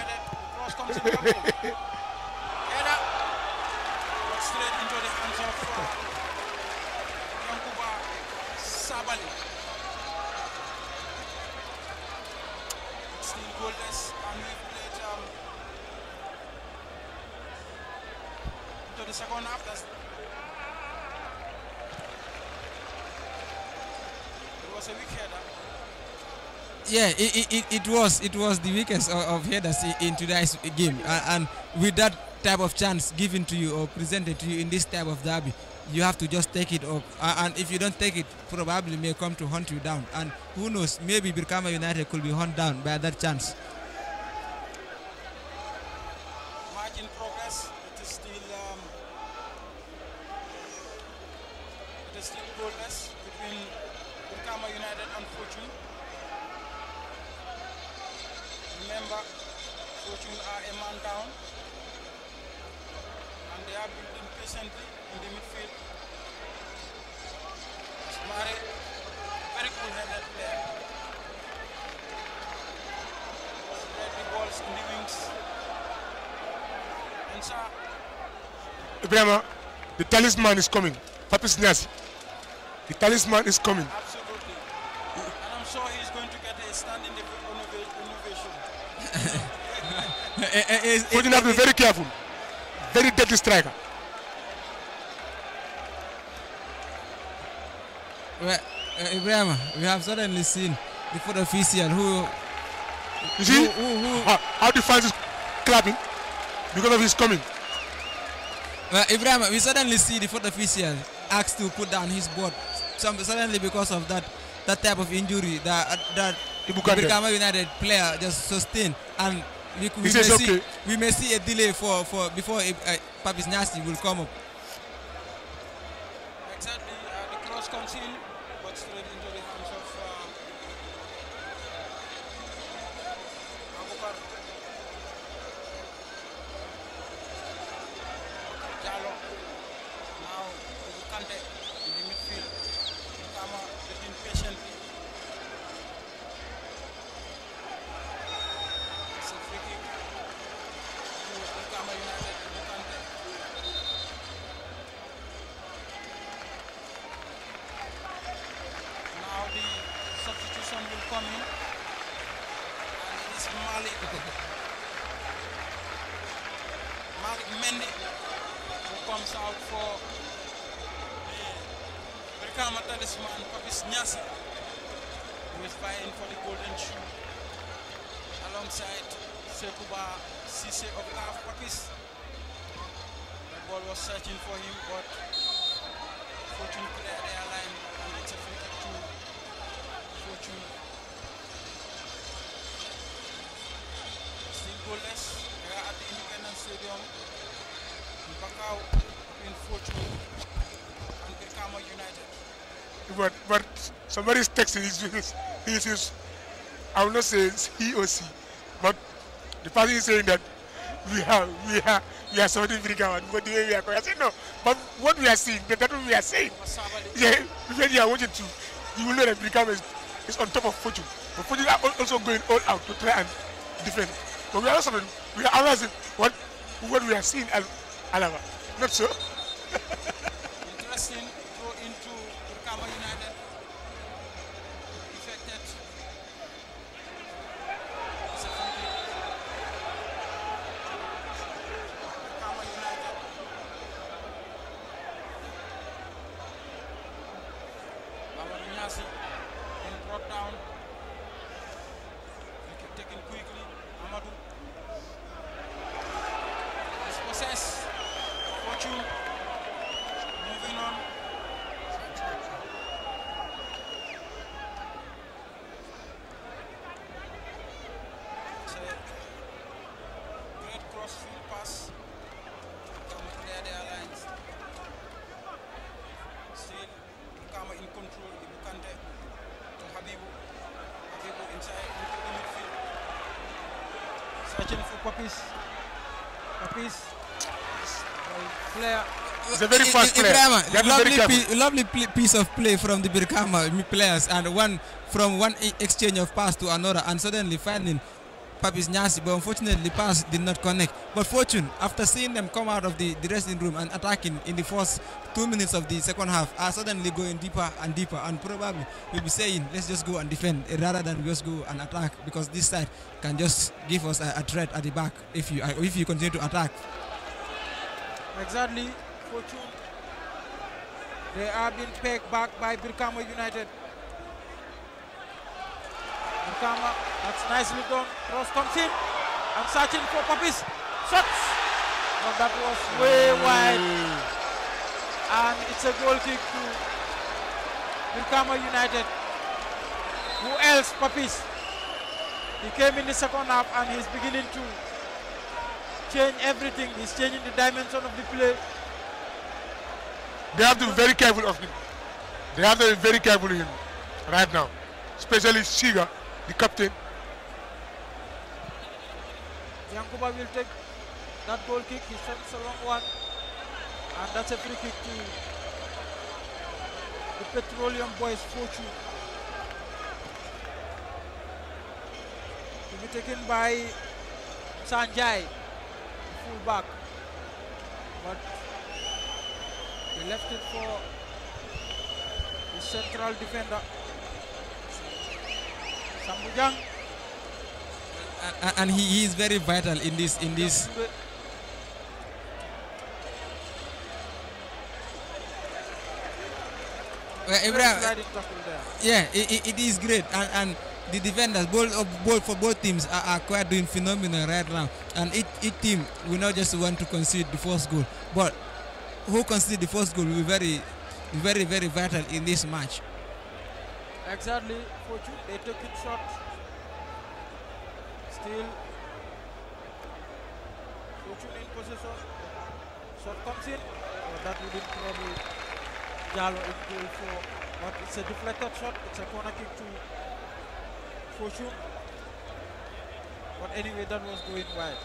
second half. That's it was a weak header. Yeah, it, it, it was it was the weakest of, of headers in today's game, and, and with that type of chance given to you or presented to you in this type of derby, you have to just take it up. and if you don't take it, probably may come to hunt you down. And who knows, maybe Birkama United could be hunted down by that chance. people are a man down and they are building patiently in the midfield. very cool-headed player. Spread the balls in the wings. And Ibrahima, the talisman is coming. Papis Nasi, the talisman is coming. have eh, eh, eh, to be very careful. Very deadly striker. Well, uh, Ibrahim, we have suddenly seen the foot official who... You see who, who, who how, how the fans is clapping because of his coming. Well, Ibrahim, we suddenly see the foot official asked to put down his board. Some, suddenly because of that that type of injury that that Bukama United player just sustained and we, may see, we may see a delay for, for before uh, eh, eh, Papis Nasty will come up. Somebody's texting. He's, he's, he's, I will not say he or she, but the person is saying that we have, we have, we are supporting Brigam and what the way we are going. I say no, but what we are seeing, that's what we are saying, yeah, when you are watching too, you will know that Brigam is, is on top of Fortune. But Fortune are also going all out to try and defend. But we are also, we are analyzing what, what we are seeing as Alava. Not so. down. Taken quickly. Amadou. It's Fortune. Papis. Papis. It's a very fast player. Ibrahima, lovely, piece of play from the Birkama players and one from one exchange of pass to another and suddenly finding Papis Nyasi, but unfortunately pass did not connect. But Fortune, after seeing them come out of the, the dressing room and attacking in the first two minutes of the second half, are suddenly going deeper and deeper and probably will be saying, let's just go and defend eh, rather than just go and attack because this side can just give us a, a threat at the back if you, if you continue to attack. Exactly, Fortune. They are being pegged back by Birkama United. Nkama. That's nicely done. Cross comes in. I'm searching for puppies. Shots! But that was way mm. wide. And it's a goal kick to Nkama United. Who else? Puppies. He came in the second half and he's beginning to change everything. He's changing the dimension of the play. They have to be very careful of him. They have to be very careful of him right now, especially Shiga the captain. Yankuba will take that goal kick. He sends a long one. And that's a free kick to the Petroleum Boys fortune. To be taken by Sanjay, full back. But he left it for the central defender. Sambujang. And, and he, he is very vital in this in this Well, Ibrahim, yeah, it, it is great, and, and the defenders, both of both for both teams, are, are quite doing phenomenal right now. And each, each team will not just want to concede the first goal, but who concede the first goal will be very, very, very vital in this match. Exactly, for two, they took it shot. Still, Fortune in possession. Shot comes in. Oh, that wouldn't probably Jalo in goal for. But it's a deflected shot. It's a corner kick to Fortune. But anyway, that was going wide.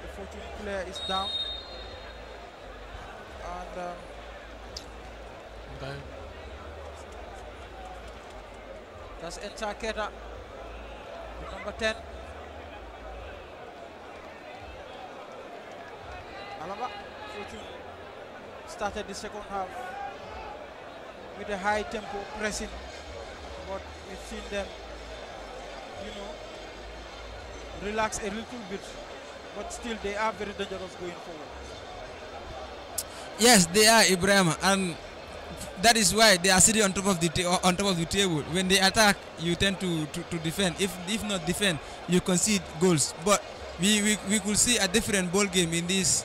The Fortune player is down. And... Um, that's Inter, Keda, number 10. Alaba, started the second half with a high tempo pressing, but we've seen them, you know, relax a little bit, but still they are very dangerous going forward. Yes, they are, Ibrahim, and that is why they are sitting on top of the on top of the table. When they attack, you tend to, to, to defend. If if not defend, you concede goals. But we, we, we could see a different ball game in this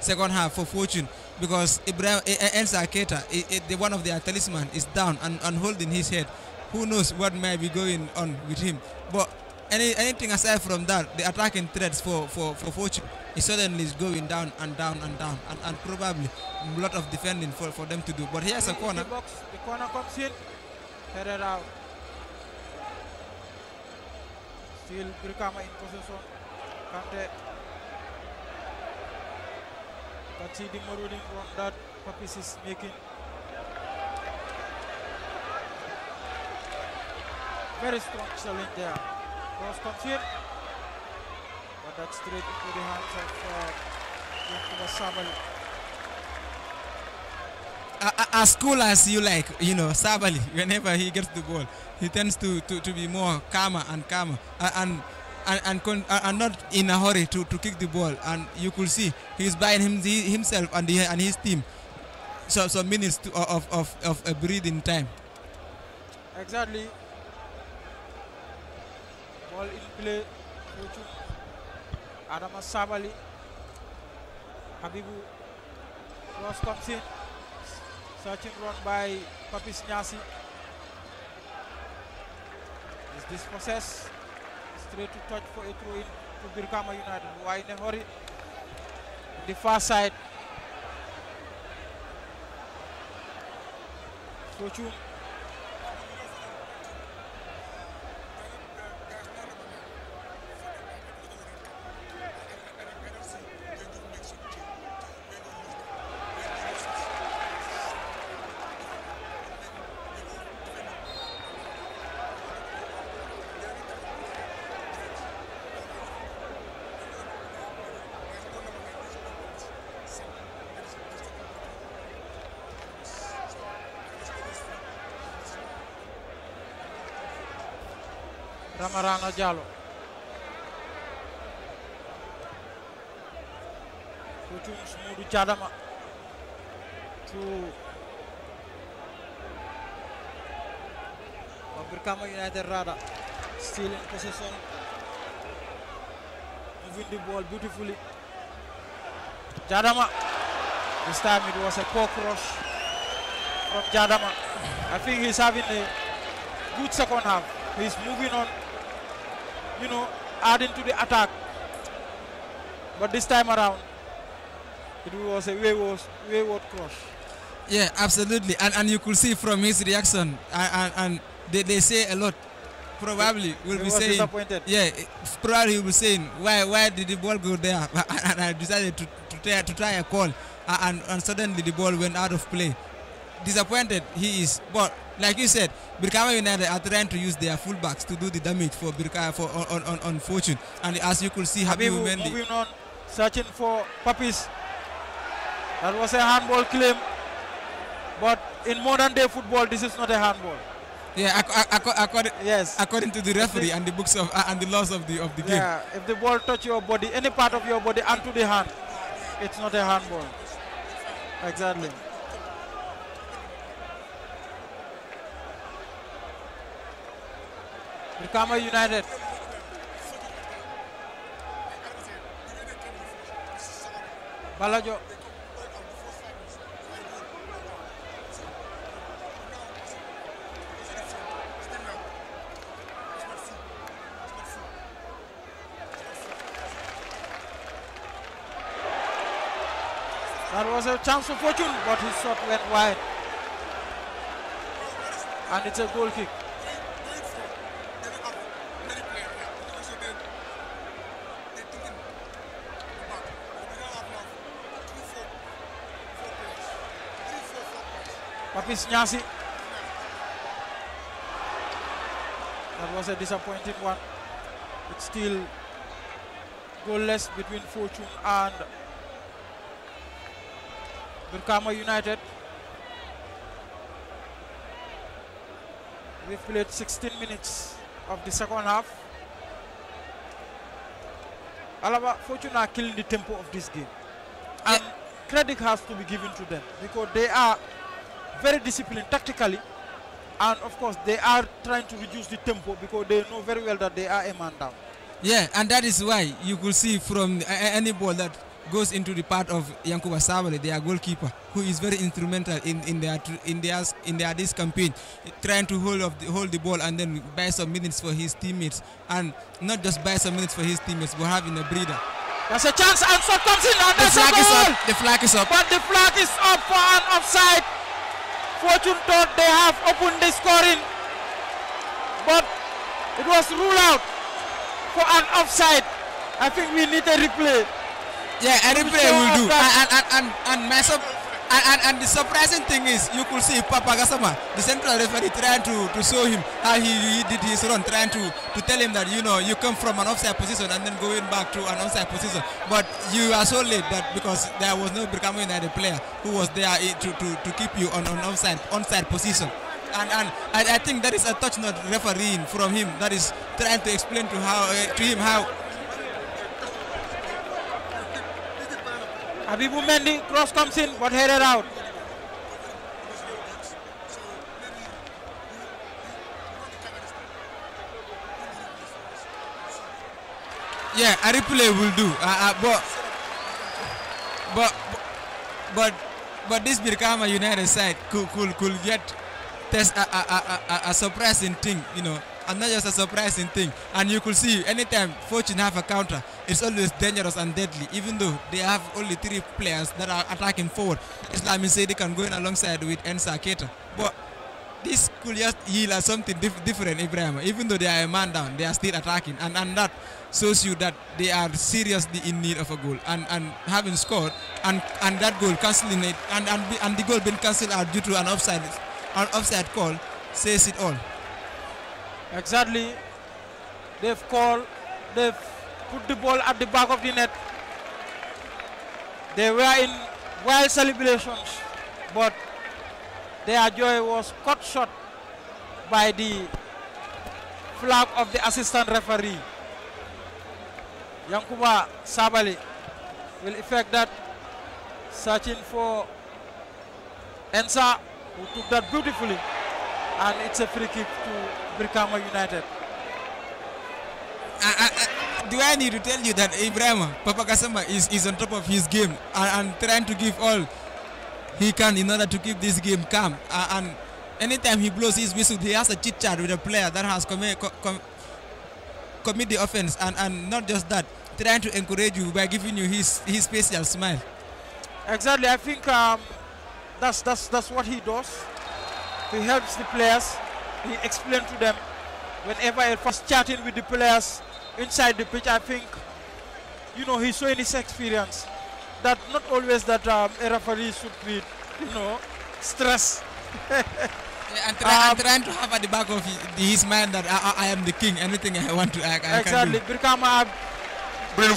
second half for Fortune because Ibrahim Ensa eh, eh, Aketa, eh, the one of their talisman, is down and, and holding his head. Who knows what might be going on with him? But any, anything aside from that, the attacking threats for, for, for Fortune he suddenly is going down and down and down, and, and probably a lot of defending for, for them to do. But here's a corner. The, box, the corner comes in, headed out. Still Brikama in possession. Kante conceding more ruling from that Papis is making. Very strong challenge there. Cross comes in that's straight into the hands of Uh, as cool as you like, you know, Sabali, [laughs] whenever he gets the ball, he tends to, to, to be more calmer and calmer and and, and, con- and not in a hurry to, to kick the ball. And you could see he's buying him, himself and, the, and his team some, some minutes to, of, of, of a breathing time. Exactly. Ball in play. Adama Sabali, Habibu Ross Thompson, searching run by Papis Nyasi. Is this process? Straight to touch for a throw in to Birkama United. Why in a hurry? The far side. Fortune Camarano Giallo Kucum Sumudu Cadama to Birkama United Rada still in possession moving the ball beautifully Jadama this time it was a cockroach from Jadama I think he's having a good second half he's moving on you know, adding to the attack. But this time around, it was a wayward, wayward cross. Yeah, absolutely. And, and you could see from his reaction, and, and, they, they say a lot. Probably will he be saying, yeah, probably will be saying, why why did the ball go there? [laughs] and I decided to, to, try, to try a call, and, and suddenly the ball went out of play. Disappointed he is, but like you said, Birkama United are trying to use their fullbacks to do the damage for Birkama for on, on, on fortune. And as you could see, Habibu Mendy moving on, searching for puppies. That was a handball claim, but in modern day football, this is not a handball. Yeah, according yes, according to the referee and the books of uh, and the laws of the of the game. Yeah, if the ball touch your body, any part of your body, and to the hand, it's not a handball. Exactly. Brikama United. Balajo. That was a chance of fortune, but his shot went wide. And it's a goal kick. it's Nyasi. That was a disappointing one. It's still goalless between Fortune and Burkama United. We've played 16 minutes of the second half. Alaba, Fortune are killing the tempo of this game. And yeah. credit has to be given to them because they are very disciplined tactically. And of course, they are trying to reduce the tempo because they know very well that they are a man down. Yeah, and that is why you could see from any ball that goes into the part of Yankuba Sabale, their goalkeeper, who is very instrumental in, in their in their in their this campaign, trying to hold of the, hold the ball and then buy some minutes for his teammates, and not just buy some minutes for his teammates, but having a breather. There's a chance, and shot comes in, and the flag is up. The flag is up, but the flag is up for an offside. Fortune thought they have opened the scoring, but it was ruled out for an offside. I think we need a replay. Yeah, a replay will do. And, and, and, and mess up and, and, the surprising thing is, you could see Papa Gassama, the central referee, trying to, to show him how he, he did his run, trying to, to tell him that, you know, you come from an offside position and then going back to an offside position. But you are so late that because there was no Brikamo United player who was there eh, to, to, to keep you on an offside, onside position. And, and I, I think that is a touch not refereeing from him that is trying to explain to, how, uh, to him how Abibu Mendy, cross comes in, but headed out. Yeah, a replay will do. Uh, uh, but, but, but, but this Birkama United side could, could, could get test a, a, a, a, a surprising thing, you know and not just a surprising thing. And you could see anytime Fortune have a counter, it's always dangerous and deadly, even though they have only three players that are attacking forward. said they can go in alongside with Ensa Keita. But this could just heal as something different, Ibrahim. Even though they are a man down, they are still attacking. And, and that shows you that they are seriously in need of a goal. And, and having scored, and, and that goal cancelling it, and, and, and the goal being cancelled due to an offside, an offside call, says it all. Exactly. They've called, they've put the ball at the back of the net. They were in wild celebrations, but their joy was cut short by the flag of the assistant referee. Yankuba Sabali will effect that, searching for Ensa, who took that beautifully, and it's a free kick to Brikama United. I, I, I, do I need to tell you that Ibrahim Papakasama is, is on top of his game and, and, trying to give all he can in order to keep this game calm. Uh, and anytime he blows his whistle, he has a chit chat with a player that has commi com commit the offense. And, and not just that, trying to encourage you by giving you his, his special smile. Exactly. I think um, that's, that's, that's what he does. He helps the players he explained to them whenever I was chatting with the players inside the pitch, I think, you know, he's showing his experience that not always that um, a referee should be, you know, stress. [laughs] and, try, um, trying to have at the back of his mind that I, I, am the king, anything I want to I, I exactly. can do. Exactly. Birkama have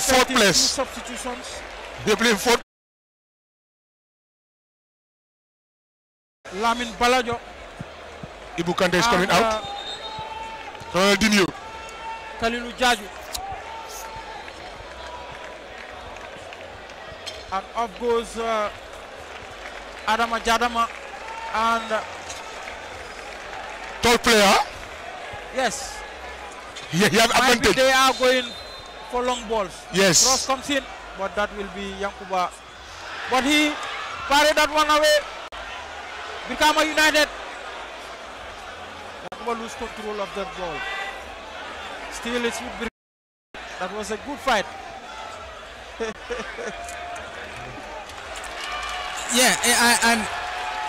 fourth place. substitutions. They play fourth. Lamin Balajo Ibu Kande is ah, coming out. Ah. Ronaldinho. Kalilu Jaju. And off goes uh, Adama Jadama and... Uh, Tall player. Yes. Yeah, he have Might They are going for long balls. Yes. Cross comes in, but that will be Yankuba. But he parried that one away. Become a United lose control of that ball. Still, it's with That was a good fight. [laughs] yeah, eh, and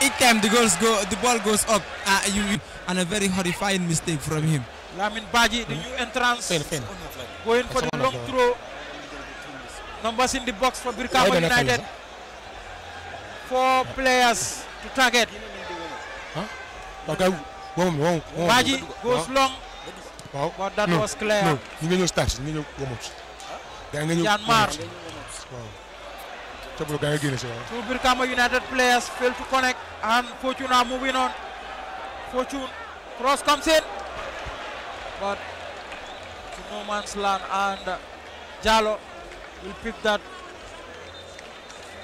each time the goals go, the ball goes up, uh, you, and a very horrifying mistake from him. Lamin Baji, the hmm? new entrance, fail, fail. going for the long throw. Numbers in the box for Birkama United. Four players to target. Huh? Okay. moom moom moom Badji goes long. waaw but that United players fail to connect and Fortune are moving on. Fortune cross comes but to no man's land and Jallo will pick that.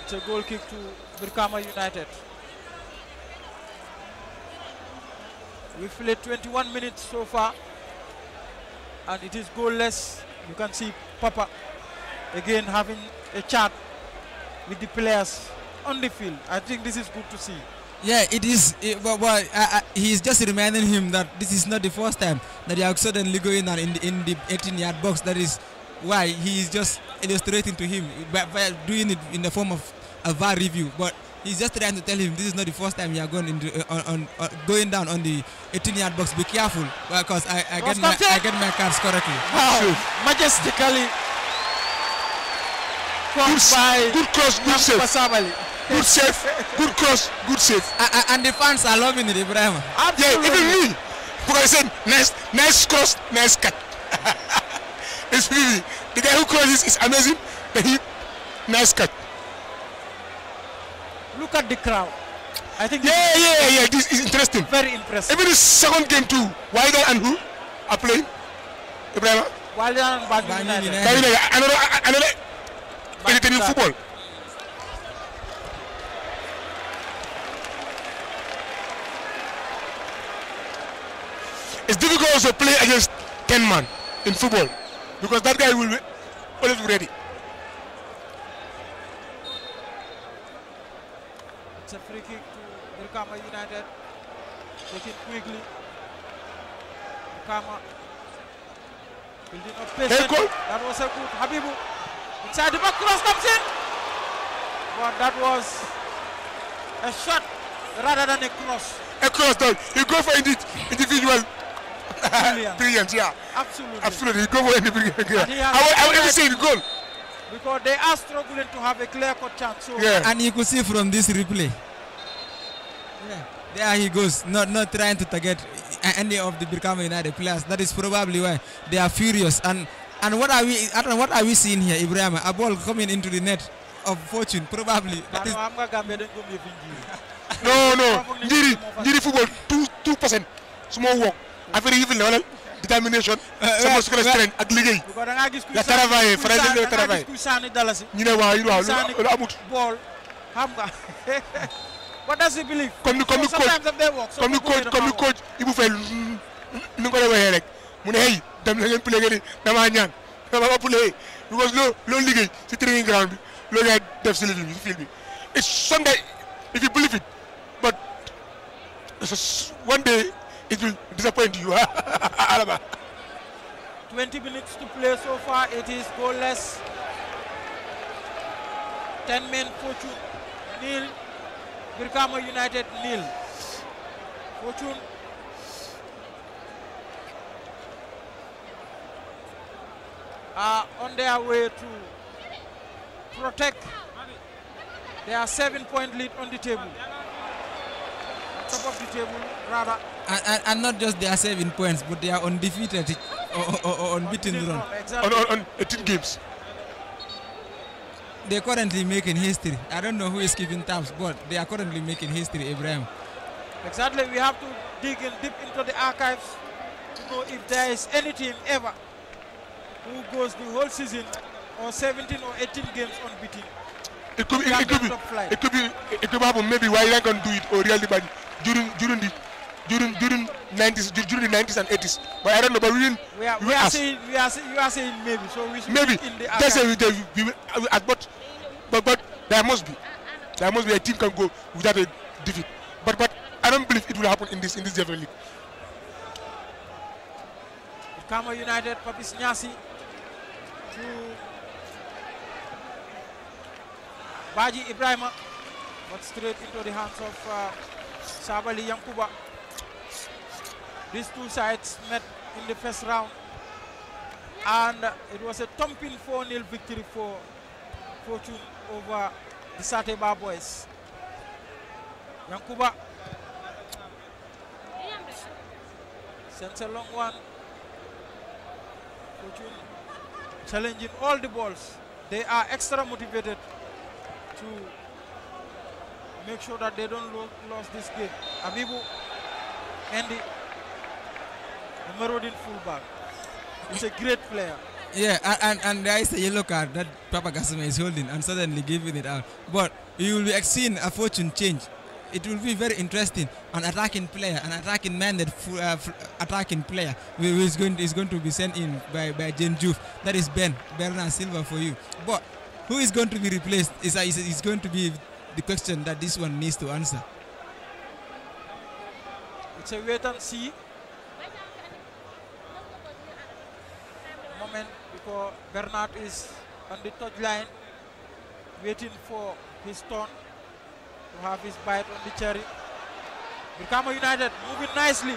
It's a goal kick to Brikama United. We've played 21 minutes so far, and it is goalless. You can see Papa again having a chat with the players on the field. I think this is good to see. Yeah, it is. It, eh, well, well he's just reminding him that this is not the first time that he suddenly go in in the, in the 18 yard box. That is why he is just illustrating to him by, by doing it in the form of a VAR review. But He's just trying to tell him this is not the first time you are going into, uh, on, on, uh, going down on the 18-yard box. Be careful, because I, I get my, I get my cards correctly. Wow, majestically good, by good cross, good save. Good save, good cross, good save. Uh, and the fans are loving it, Ibrahim. Yeah, even me. Because I said, nice, nice cross, nice cut. [laughs] it's really, the guy who crosses is amazing, but he, nice cut. Look at the crowd. I think. Yeah, yeah, yeah. This is interesting. Very impressive. Even the second game too. Wilder and who are playing? Ibrahim. Wilder and Bali United. Bali United. Another, another in football. It's difficult to play against 10 man in football because that guy will be always ready. a free kick to Birkama United. Take it quickly. Birkama building up patience. Hey, that was a good Habibu. Inside the back cross comes in. But that was a shot rather than a cross. A cross, though. You go for indi individual. Brilliant. [laughs] Brilliant, yeah. Absolutely. Absolutely. You go for individual. Yeah, I, I, I will. to see the goal. Because they are struggling to have a clear-cut chance. So yeah. And you could see from this replay. Yeah. There he goes, not not trying to target any of the Birkama United players. That is probably why they are furious. And and what are we? I don't know what are we seeing here, Ibrahim? A ball coming into the net of fortune, probably. That is no, no. Njiri, Njiri football two two percent. Small walk. I feel even. détermination. sama muscle strength ak liggéey. da ngaa gis kuy travailler faral di nga travailler ñu ne waaw waaw lu amut. bool xam nga. [laughs] what does he coach comme ni coach comme ni coach Ibou Faye ni ko doon waxee rek mu ne hey dem na ngeen play ngeen ni damaa ñaan damaa play because loo loo liggéey si training ground bi loolu yaay def si liggéey bi si field bi it's Sunday if you believe it but one it will disappoint you. [laughs] Alaba. 20 minutes to play so far. It is goalless. 10 men Fortune nil. Birkama United nil. Fortune are on their way to protect their seven-point lead on the table top of the table, rather. And, and, and not just they are saving points, but they are undefeated or, or, or unbeaten run. exactly. on, on, 18 uh, games. They're currently making history. I don't know who is keeping tabs, but they are currently making history, Abraham. Exactly. We have to dig in deep into the archives to know if there is any team ever who goes the whole season or 17 or 18 games unbeaten. It could, it, it, could be, it could be, it could happen. Maybe why I can do it or really bad during during the during during 90s during the 90s and 80s. But I don't know. But we didn't. We are, we, are saying we are saying you are saying maybe. So we should maybe in the they say we, they, we, we, we, but but but there must be there must be a team can go without a defeat. But but I don't believe it will happen in this in this level. League. Kama United, Papis Nyasi to Baji Ibrahima, but straight into the hands of. Uh, Sabali Yankuba. These two sides met in the first round. And it was a thumping 4-0 victory for Fortune over the Sateba boys. Yankuba sends a long one. Fortune challenging all the balls. They are extra motivated to make sure that they don't lo lose this game. Abibu, Andy, the Merodin fullback. He's a great player. Yeah, and, and there is a yellow card that Papa Gassama is holding and suddenly giving it out. But you will be seeing a fortune change. It will be very interesting. An attacking player, an attacking minded uh, attacking player who is going, to, is going to be sent in by, by Jane Juve. That is Ben, Bernard Silva for you. But who is going to be replaced is, is, is going to be the question that this one needs to answer? It's a wait and see moment before Bernard is on the touchline waiting for his turn to have his bite on the cherry. Bukama United moving nicely.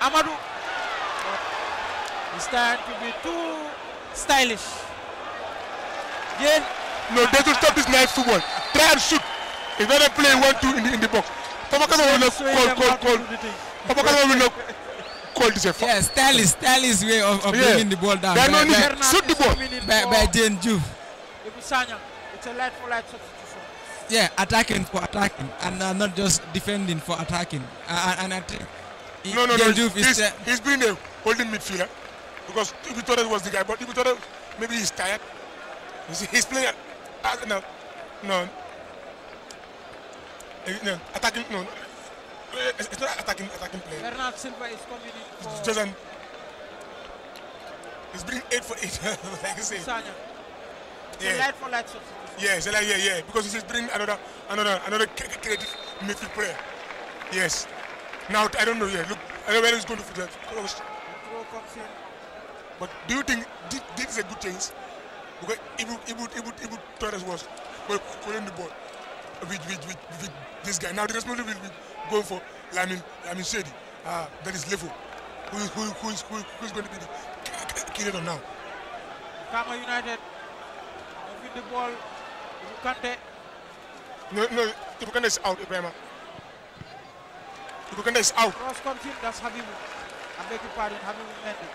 Amadou. He's trying to be too stylish. Yeah. No, they should stop this nice football. Try and shoot. He's better play one two in the in the box. Papakasa will not call call call. Papakasa will not call this effort. Yeah, style is style is way of, of yeah. bringing the ball down. By, by, shoot the ball by, by Jane Juve. It's a light for light substitution. Yeah, attacking for attacking and uh, not just defending for attacking. Uh, uh and I think no, no, Jane no. Juve he's, is uh, he's been a holding midfielder because Ibi Torres was the guy, but Ibi Torres maybe he's tired. He's, he's playing. Uh, no, no no, attacking, no, eh, it's not attacking, attacking play. Bernard Silva is coming in for... Doesn't. He's bringing eight for eight, [laughs] like I say. Sanya. Yeah. It's light for light substitution. Yeah, it's yeah, yeah, because he's bringing another, another, another creative midfield player. Yes. Now, I don't know, yeah, look, I don't know where he's going to fit that. But do you think this, this is a good change? Because it would, it would, it would, it would, Torres was, but calling the ball with, with, with, with this guy. Now the responsibility will be going for Lamin, Lamin Shady. Uh, that is level who, who, who, is, who, who is going to be the creator now. Kama United, with the ball, Ibukante. No, no, Ibukante is out, Ibrahima. Ibukante is out. Cross comes in, that's Habibu. I beg your pardon, Habibu Mendy.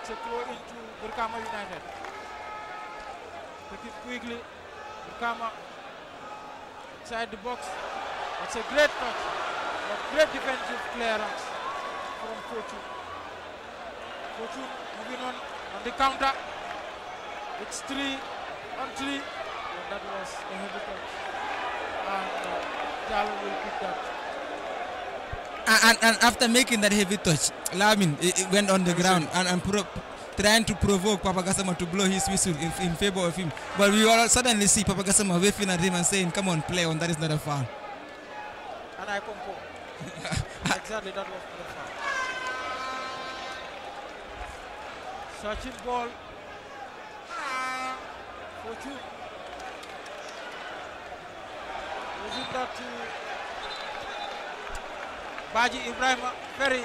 It's a throw into Burkama United. Take it quickly. Burkama outside the box. That's a great touch. A great defensive clearance from Fortune. Fortune moving on on the counter. It's three on three. And that was a heavy touch. And uh, will pick that. And, and, and after making that heavy touch, Lamin it, it went on the ground and and, put up. trying to provoke Papa Gassama to blow his whistle in, in favor of him. But we all suddenly see Papa Gassama waving at him and saying, come on, play on, that is not a foul. And I pump [laughs] Exactly, that was not a foul. Searching ball for two. it that to uh, Baji Ibrahim very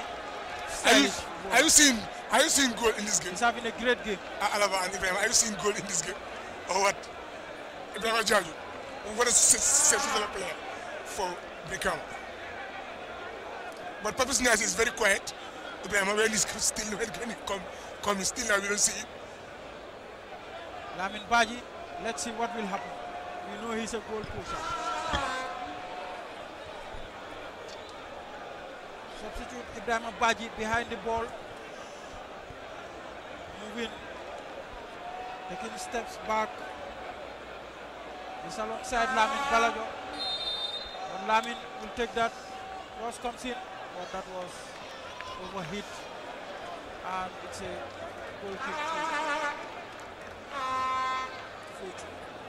Are you, are you seeing Are you seeing goal in this game? He's having a great game. Alaba ah, ah, and Ibrahim, are you seeing goal in this game? Or what? Ibrahim Jaju, what a sensational player for Beckham. But Papi Nias is very quiet. Ibrahim, when he's still, when he come, come, still now we don't see him. Lamin Baji, let's see what will happen. You know he's a goal pusher. Substitute Ibrahim Baji behind the ball moving. Taking steps back. It's alongside Lamin Balajo. And Lamin will take that. Ross comes in, but that was overhit. And it's a goal kick.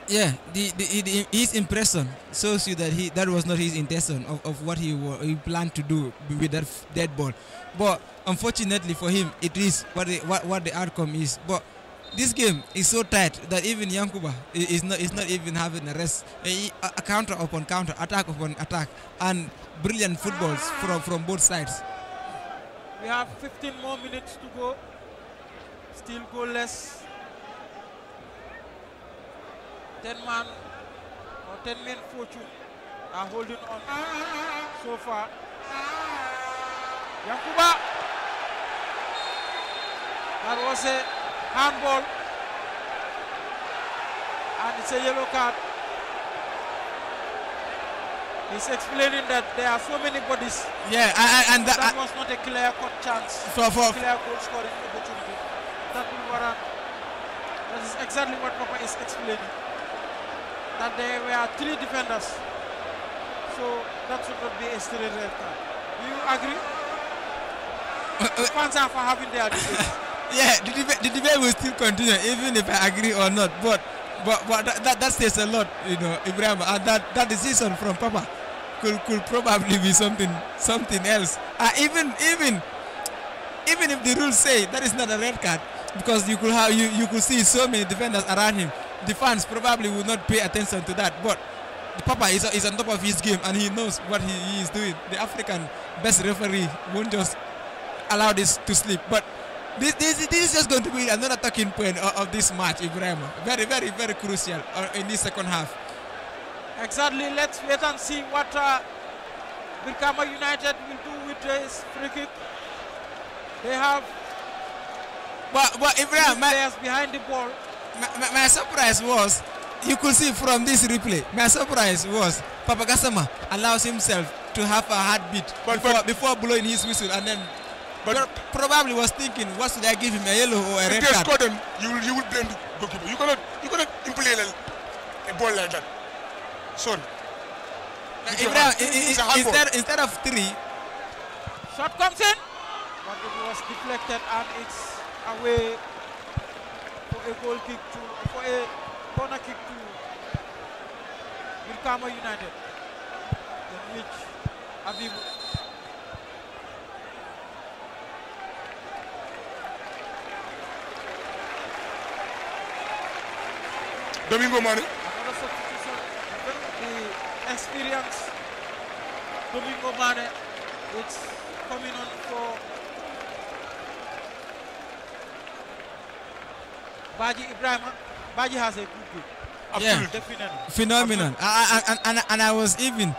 Yeah, the, the, his impression shows you that he that was not his intention of, of what he he planned to do with that dead ball. But unfortunately for him, it is what the, what, what the outcome is. But this game is so tight that even Yankuba is not is not even having a rest. A, a counter upon counter, attack upon attack, and brilliant footballs from from both sides. We have 15 more minutes to go. Still goalless. 10 man or 10 men fortune are holding on so far. Yankuba, that was a handball and it's a yellow card. He's explaining that there are so many bodies. Yeah, and that, that was not a clear cut chance. So for clear goal scoring opportunity. That will warrant. That is exactly what Papa is explaining that there were three defenders. So that should not be a straight red card. Do you agree? the uh, uh, fans are for having their [laughs] debate. yeah, the debate, the debate will still continue, even if I agree or not. But but, but that, that, that says a lot, you know, Ibrahim. And that, that decision from Papa could, could probably be something something else. Uh, even even even if the rules say that is not a red card, because you could have you, you could see so many defenders around him the fans probably would not pay attention to that. But Papa is, is on top of his game and he knows what he, he is doing. The African best referee won't just allow this to slip. But this, this, this is just going to be another talking point of, of this match, Ibrahim. Very, very, very crucial uh, in this second half. Exactly. Let's wait and see what uh, Birkama United will do with this free kick. They have but, but Ibrahim, players behind the ball my, my, surprise was, you could see from this replay, my surprise was Papa Gassama allows himself to have a heartbeat but, before, but, before blowing his whistle and then but probably was thinking, what should I give him, a yellow or a red card? If they you will, you will blame the goalkeeper. You cannot, you cannot implement a, a ball like that. Son. Ibrahim, instead, instead of three. Shot comes in. But it was deflected and it's away a goal kick to, for a corner kick to Wilkama United, in which Abib Domingo Mane. Another substitution. The experience Domingo Mane, It's coming on for Baji Ibrahim, Baji has a good group. Yeah. Phenomenal. I, I, and, and, and I was even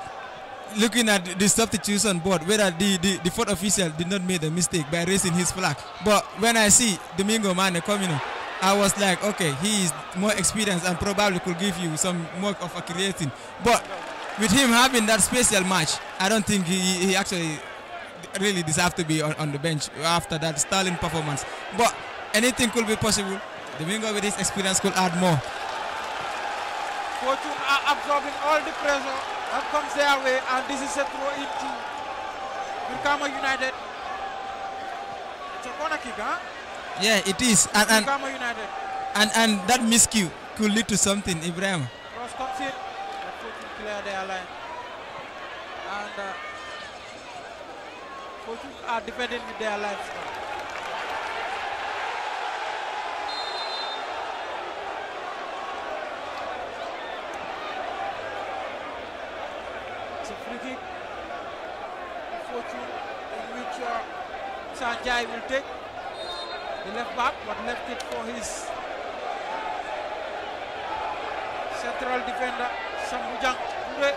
looking at the substitutes on board, whether the, the, the fourth official did not make a mistake by raising his flag. But when I see Domingo Mane coming on, I was like, okay, he is more experienced and probably could give you some more of a creating. But with him having that special match, I don't think he, he actually really deserved to be on, on the bench after that sterling performance. But anything could be possible. Domingo with his experience could add more. Fortune are absorbing all the pressure that comes their way and this is a throw into United. It's a corner kick, huh? Yeah, it is. And, and, United. And, and that miscue could lead to something, Ibrahim. Cross comes in. Fortune clear their line. And uh, Fortune are defending with their lives free kick. Fortune in which uh, Sanjay will take the left back, but left it for his central defender, Sambujang Ture.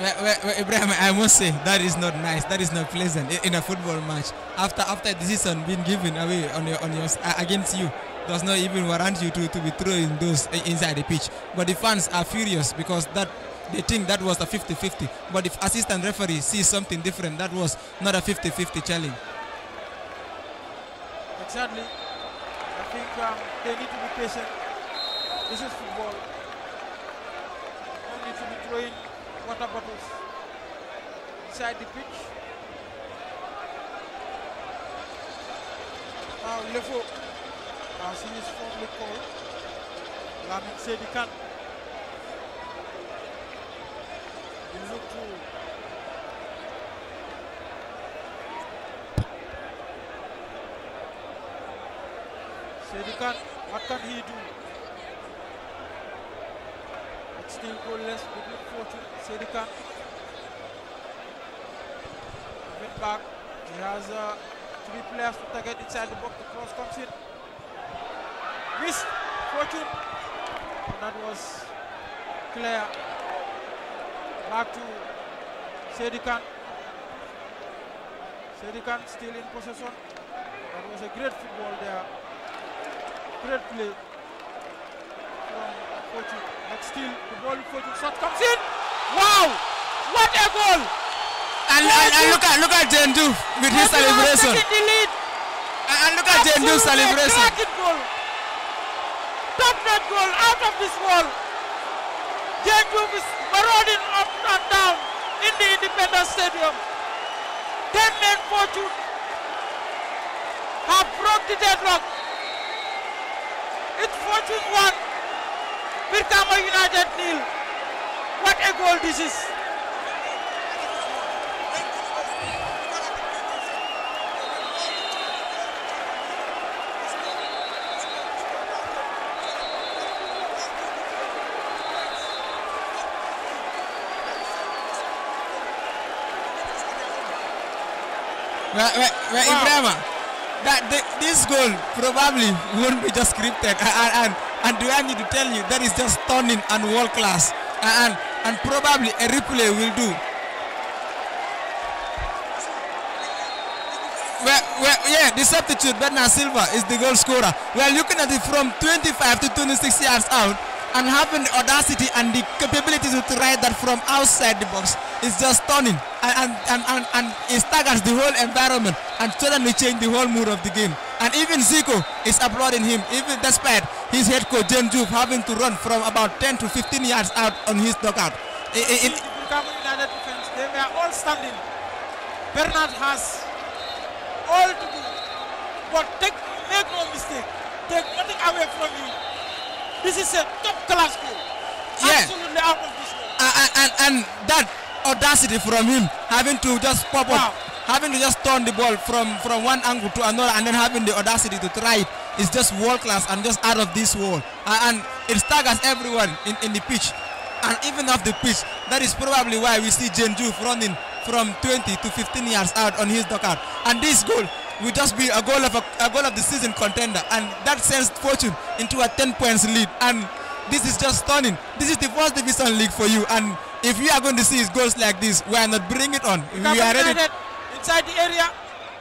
Well, well, well, Ibrahim, I must say that is not nice. That is not pleasant in a football match. After after decision being given away on your on your uh, against you, does not even warrant you to, to be throwing those inside the pitch. But the fans are furious because that they think that was a 50-50. But if assistant referee sees something different, that was not a 50-50 challenge. Exactly. I think um, they need to be patient. This is football. No need to be throwing water bottles inside the pitch. Now Lefo he is formally called. Lamin Sedikan. Sedikan, what can he do? It's still goalless, good luck fortune, Sedikan. Went back, he has uh, three players to target inside the box, the cross comes in. Missed, fortune, and that was clear. Back to Sedikan. Sedikan still in possession. That was a great football there. Great play from Fortune. But still, the ball The shot comes in. Wow! What a goal! And, and, and look at look at Jendu with his celebration. The lead. And, and look at Jendu's celebration. Goal. Top net goal out of this wall. Jendu is marauding shut down in the Independence Stadium. Ten men fortune have broke the deadlock. It's fortune one. Birkama United nil. What a goal this is. Right, right, right wow. that, the, this goal probably won't be just scripted. And, and, and do I need to tell you, that is just stunning and world class. And, and probably a replay will do. Well, well, yeah, the substitute, Bernard Silva, is the goal scorer. We're looking at it from 25 to 26 yards out and having the audacity and the capability to try that from outside the box is just stunning and, and, and, and, it staggers the whole environment and suddenly changed the whole mood of the game. And even Zico is applauding him, even despite his head coach James Juve having to run from about 10 to 15 yards out on his knockout. It, it, it, defense, they were all standing. Bernard has all to do. But take, make no mistake, take nothing away from you. This is a top class goal. Yeah. Absolutely out of this world. And, and, and that audacity from him, having to just pop wow. up, having to just turn the ball from, from one angle to another and then having the audacity to try it is just world class and just out of this world. And, and it staggers everyone in, in the pitch and even off the pitch. That is probably why we see Jenju running from 20 to 15 yards out on his dugout. And this goal will just be a goal of a, a, goal of the season contender, and that sends Fortune into a 10 points lead. And this is just stunning. This is the first division league for you, and if we are going to see his goes like this, we are not bringing it on. We are ready. Inside the area,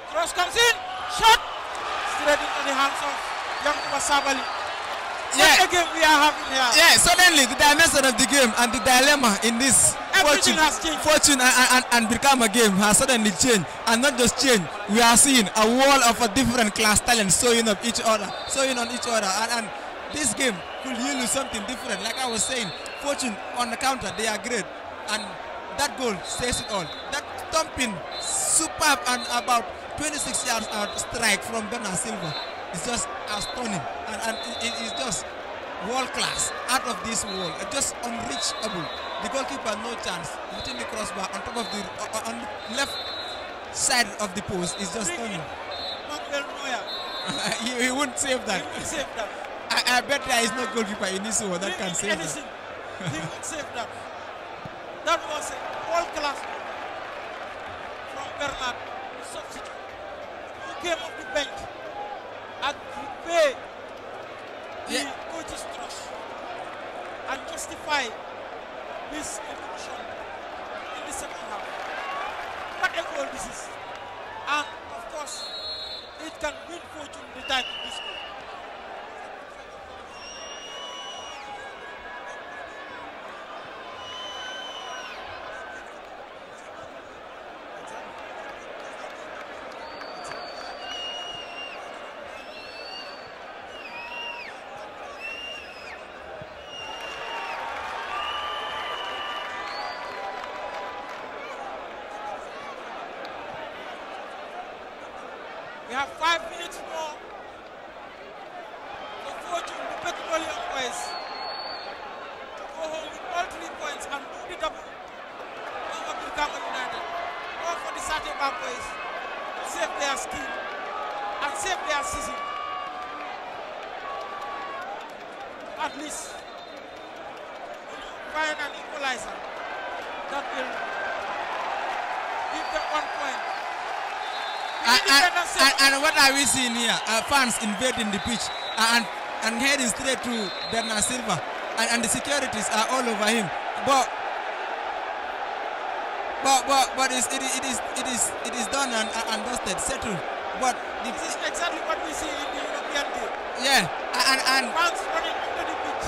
cross comes in, shot, straight into the hands of young Sabali. Yeah. What we are having here. Yeah, suddenly the dimension of the game and the dilemma in this fortune, has changed. fortune and, and, and become a game has suddenly changed. And not just changed, we are seeing a wall of a different class talent showing up each other, showing on each other. And, and this game could yield something different. Like I was saying, fortune on the counter, they are great. And that goal says it all. That thumping, superb and about 26 yards out strike from Bernard Silva is just stunning. And, and it is just world class, out of this world, just unreachable. The goalkeeper, no chance, hitting the crossbar on top of the, uh, on left side of the post is just stunning. [laughs] he, he wouldn't save that. He save that. I, I, bet there is no goalkeeper in this world that can save anything. that he would save that. That was a world-class from Bernard, the substitute, who came off the bench and repay the yeah. coach's trust and justify this evolution in the second half. What a goal this is. And of course, it can win fortune the time of this goal. Rafael and what are we seeing here? Uh, fans invading the pitch uh, and and heading straight to Bernard Silva. And, and the securities are all over him. But but but but it's, it, it is it is it is done and, uh, and dusted, settled. But the, this is exactly what we see in the European League. Yeah, and and fans running into the pitch.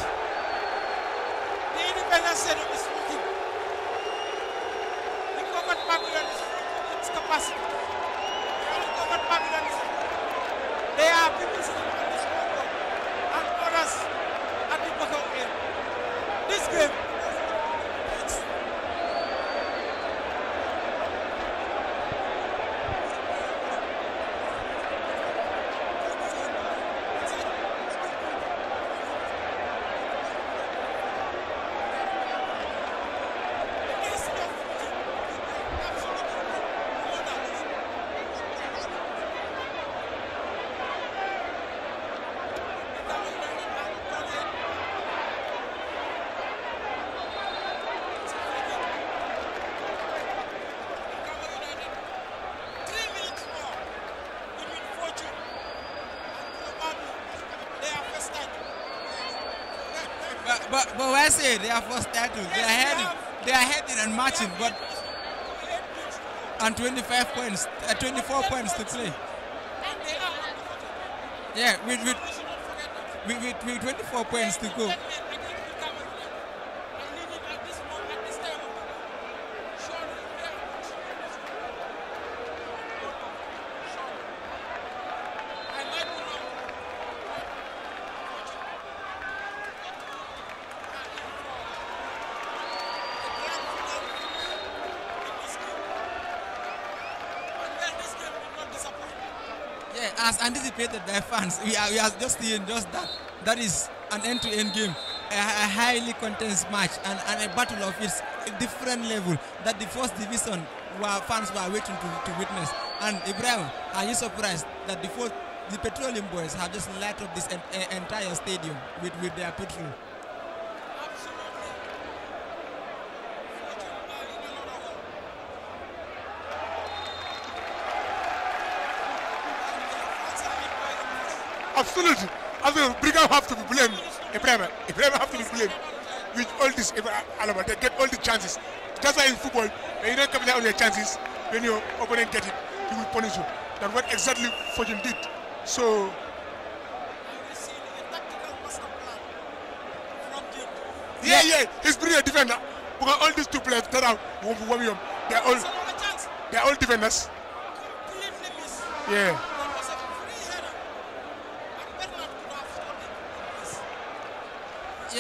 The independent said had to. They had it. They had it and matching, but and 25 points, uh, 24 points to play. Yeah, with with, with, with 24 points to go. as anticipated by fans. We are, we are just seeing just that. That is an end-to-end game, a, a, highly contested match, and, and a battle of its different level that the first division where fans were waiting to, to witness. And Ibrahim, are you surprised that the, the Petroleum Boys have just lit up this en entire stadium with, with their petrol? absolutely. Absolutely. Brigham have to be blamed. Ibrahim, Ibrahim have to be blamed with all this uh, They get all the chances. That's why in football, when you don't capitalize on your chances, when your opponent get it, he will punish you. That's what exactly Fortune did. So Yeah, yeah, he's bringing a defender. Because all these two players that are they're all, they're all defenders. Yeah.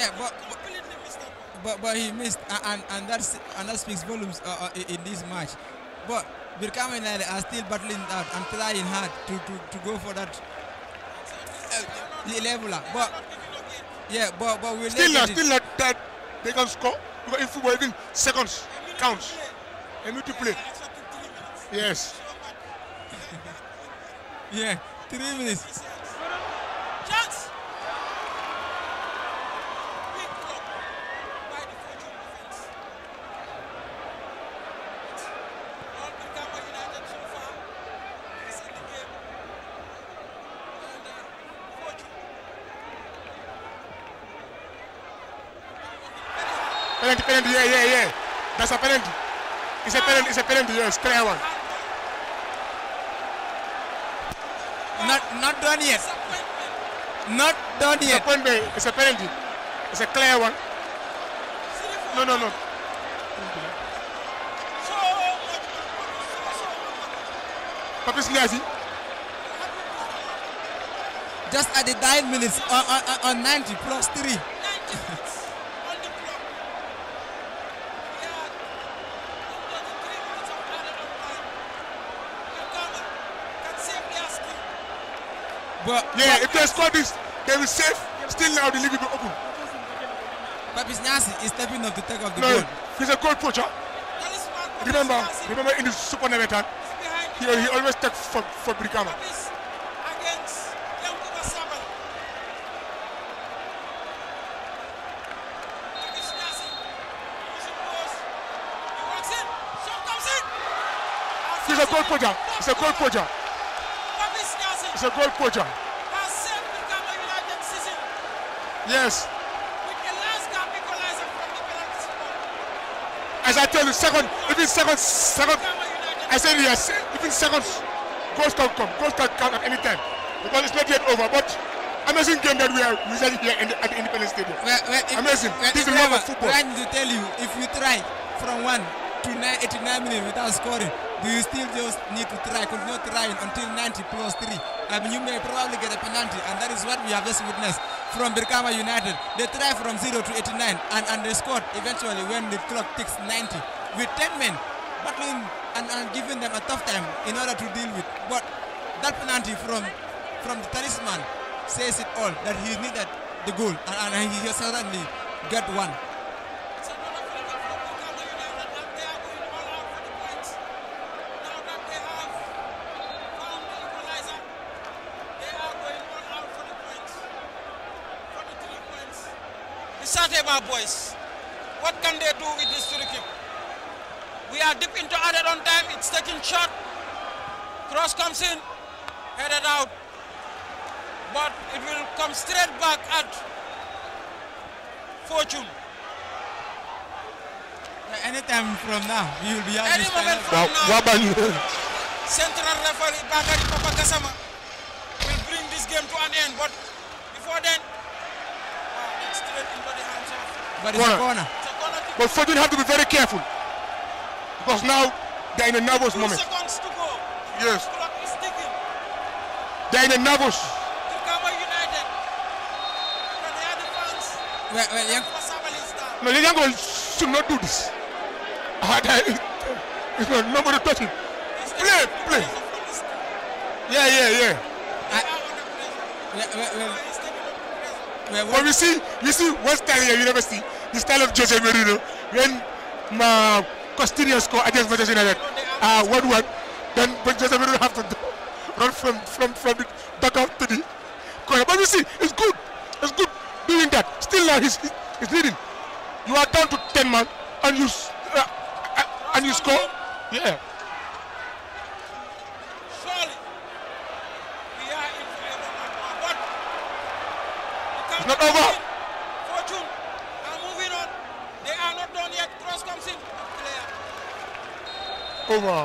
Yeah, but but, but he missed, and and that's and that speaks volumes uh, uh, in, in this match. But and I are still battling that and trying hard to to, to go for that uh, leveler. But yeah, but but we still not, still not that they can score because if we're even seconds counts, a minute to play. Yes. [laughs] yeah, three minutes. penalty, penalty, yeah, yeah, yeah. That's a penalty. It's a penalty, it's a penalty, yes, clear 1. Not, not done yet. Not done it's yet. A penalty. It's a penalty. It's a clear one. No, no, no. Patrice Niazi. Just at the 9 minutes, on, on, on 90 plus 3. But yeah, but if they score this, they will save. Still now, the league will be open. But Nasi is stepping up to take off the no, He's a good poacher. Remember, remember in the Super time, he, he always takes for, for Brigama. He's a goal poacher. He's a goal poacher. He's a goal poacher. Yes. As I tell you, second, even second, second, I said yes, even seconds, goals can come, goals can come at any time because it's not yet over. But amazing game that we are witnessing here in the, at the Independence Stadium. Well, well, amazing. Well, this is love of football. Trying to tell you, if you try from one to 89 minutes without scoring, do you still just need to try, continue trying until 90 plus 3? I mean, you may probably get a penalty, and that is what we have just witnessed from Birkama United. They try from 0 to 89 and, and they scored eventually when the clock ticks 90 with 10 men battling and, and giving them a tough time in order to deal with. But that penalty from, from the talisman says it all that he needed the goal and, and he certainly got one. We are deep into added on time. It's taking shot. Cross comes in, headed out. But it will come straight back at Fortune. Anytime from now, we will be out. Any moment from now, Central referee Bakari Papakasama will bring this game to an end. But before then, uh, straight into the hands of. But it's corner. corner. But Fortune have to be very careful. Because now they're in the nervous Two moment. Yes. They're in the nervous. Well, well, yeah. No, Liverpool should not do this. Ah, it's not nobody touching. Play, play. Yeah, yeah, yeah. I, well, well, well, we see, we see one style at university, the style of Jose Mourinho. When my Costillo score against Manchester United. Uh, ah, 1 1. Then Manchester United have to run from, from, from the back out to the corner. But you see, it's good. It's good doing that. Still now he's, he's leading. You are down to 10 man and you, uh, uh, and you score. Yeah. It's not over. over.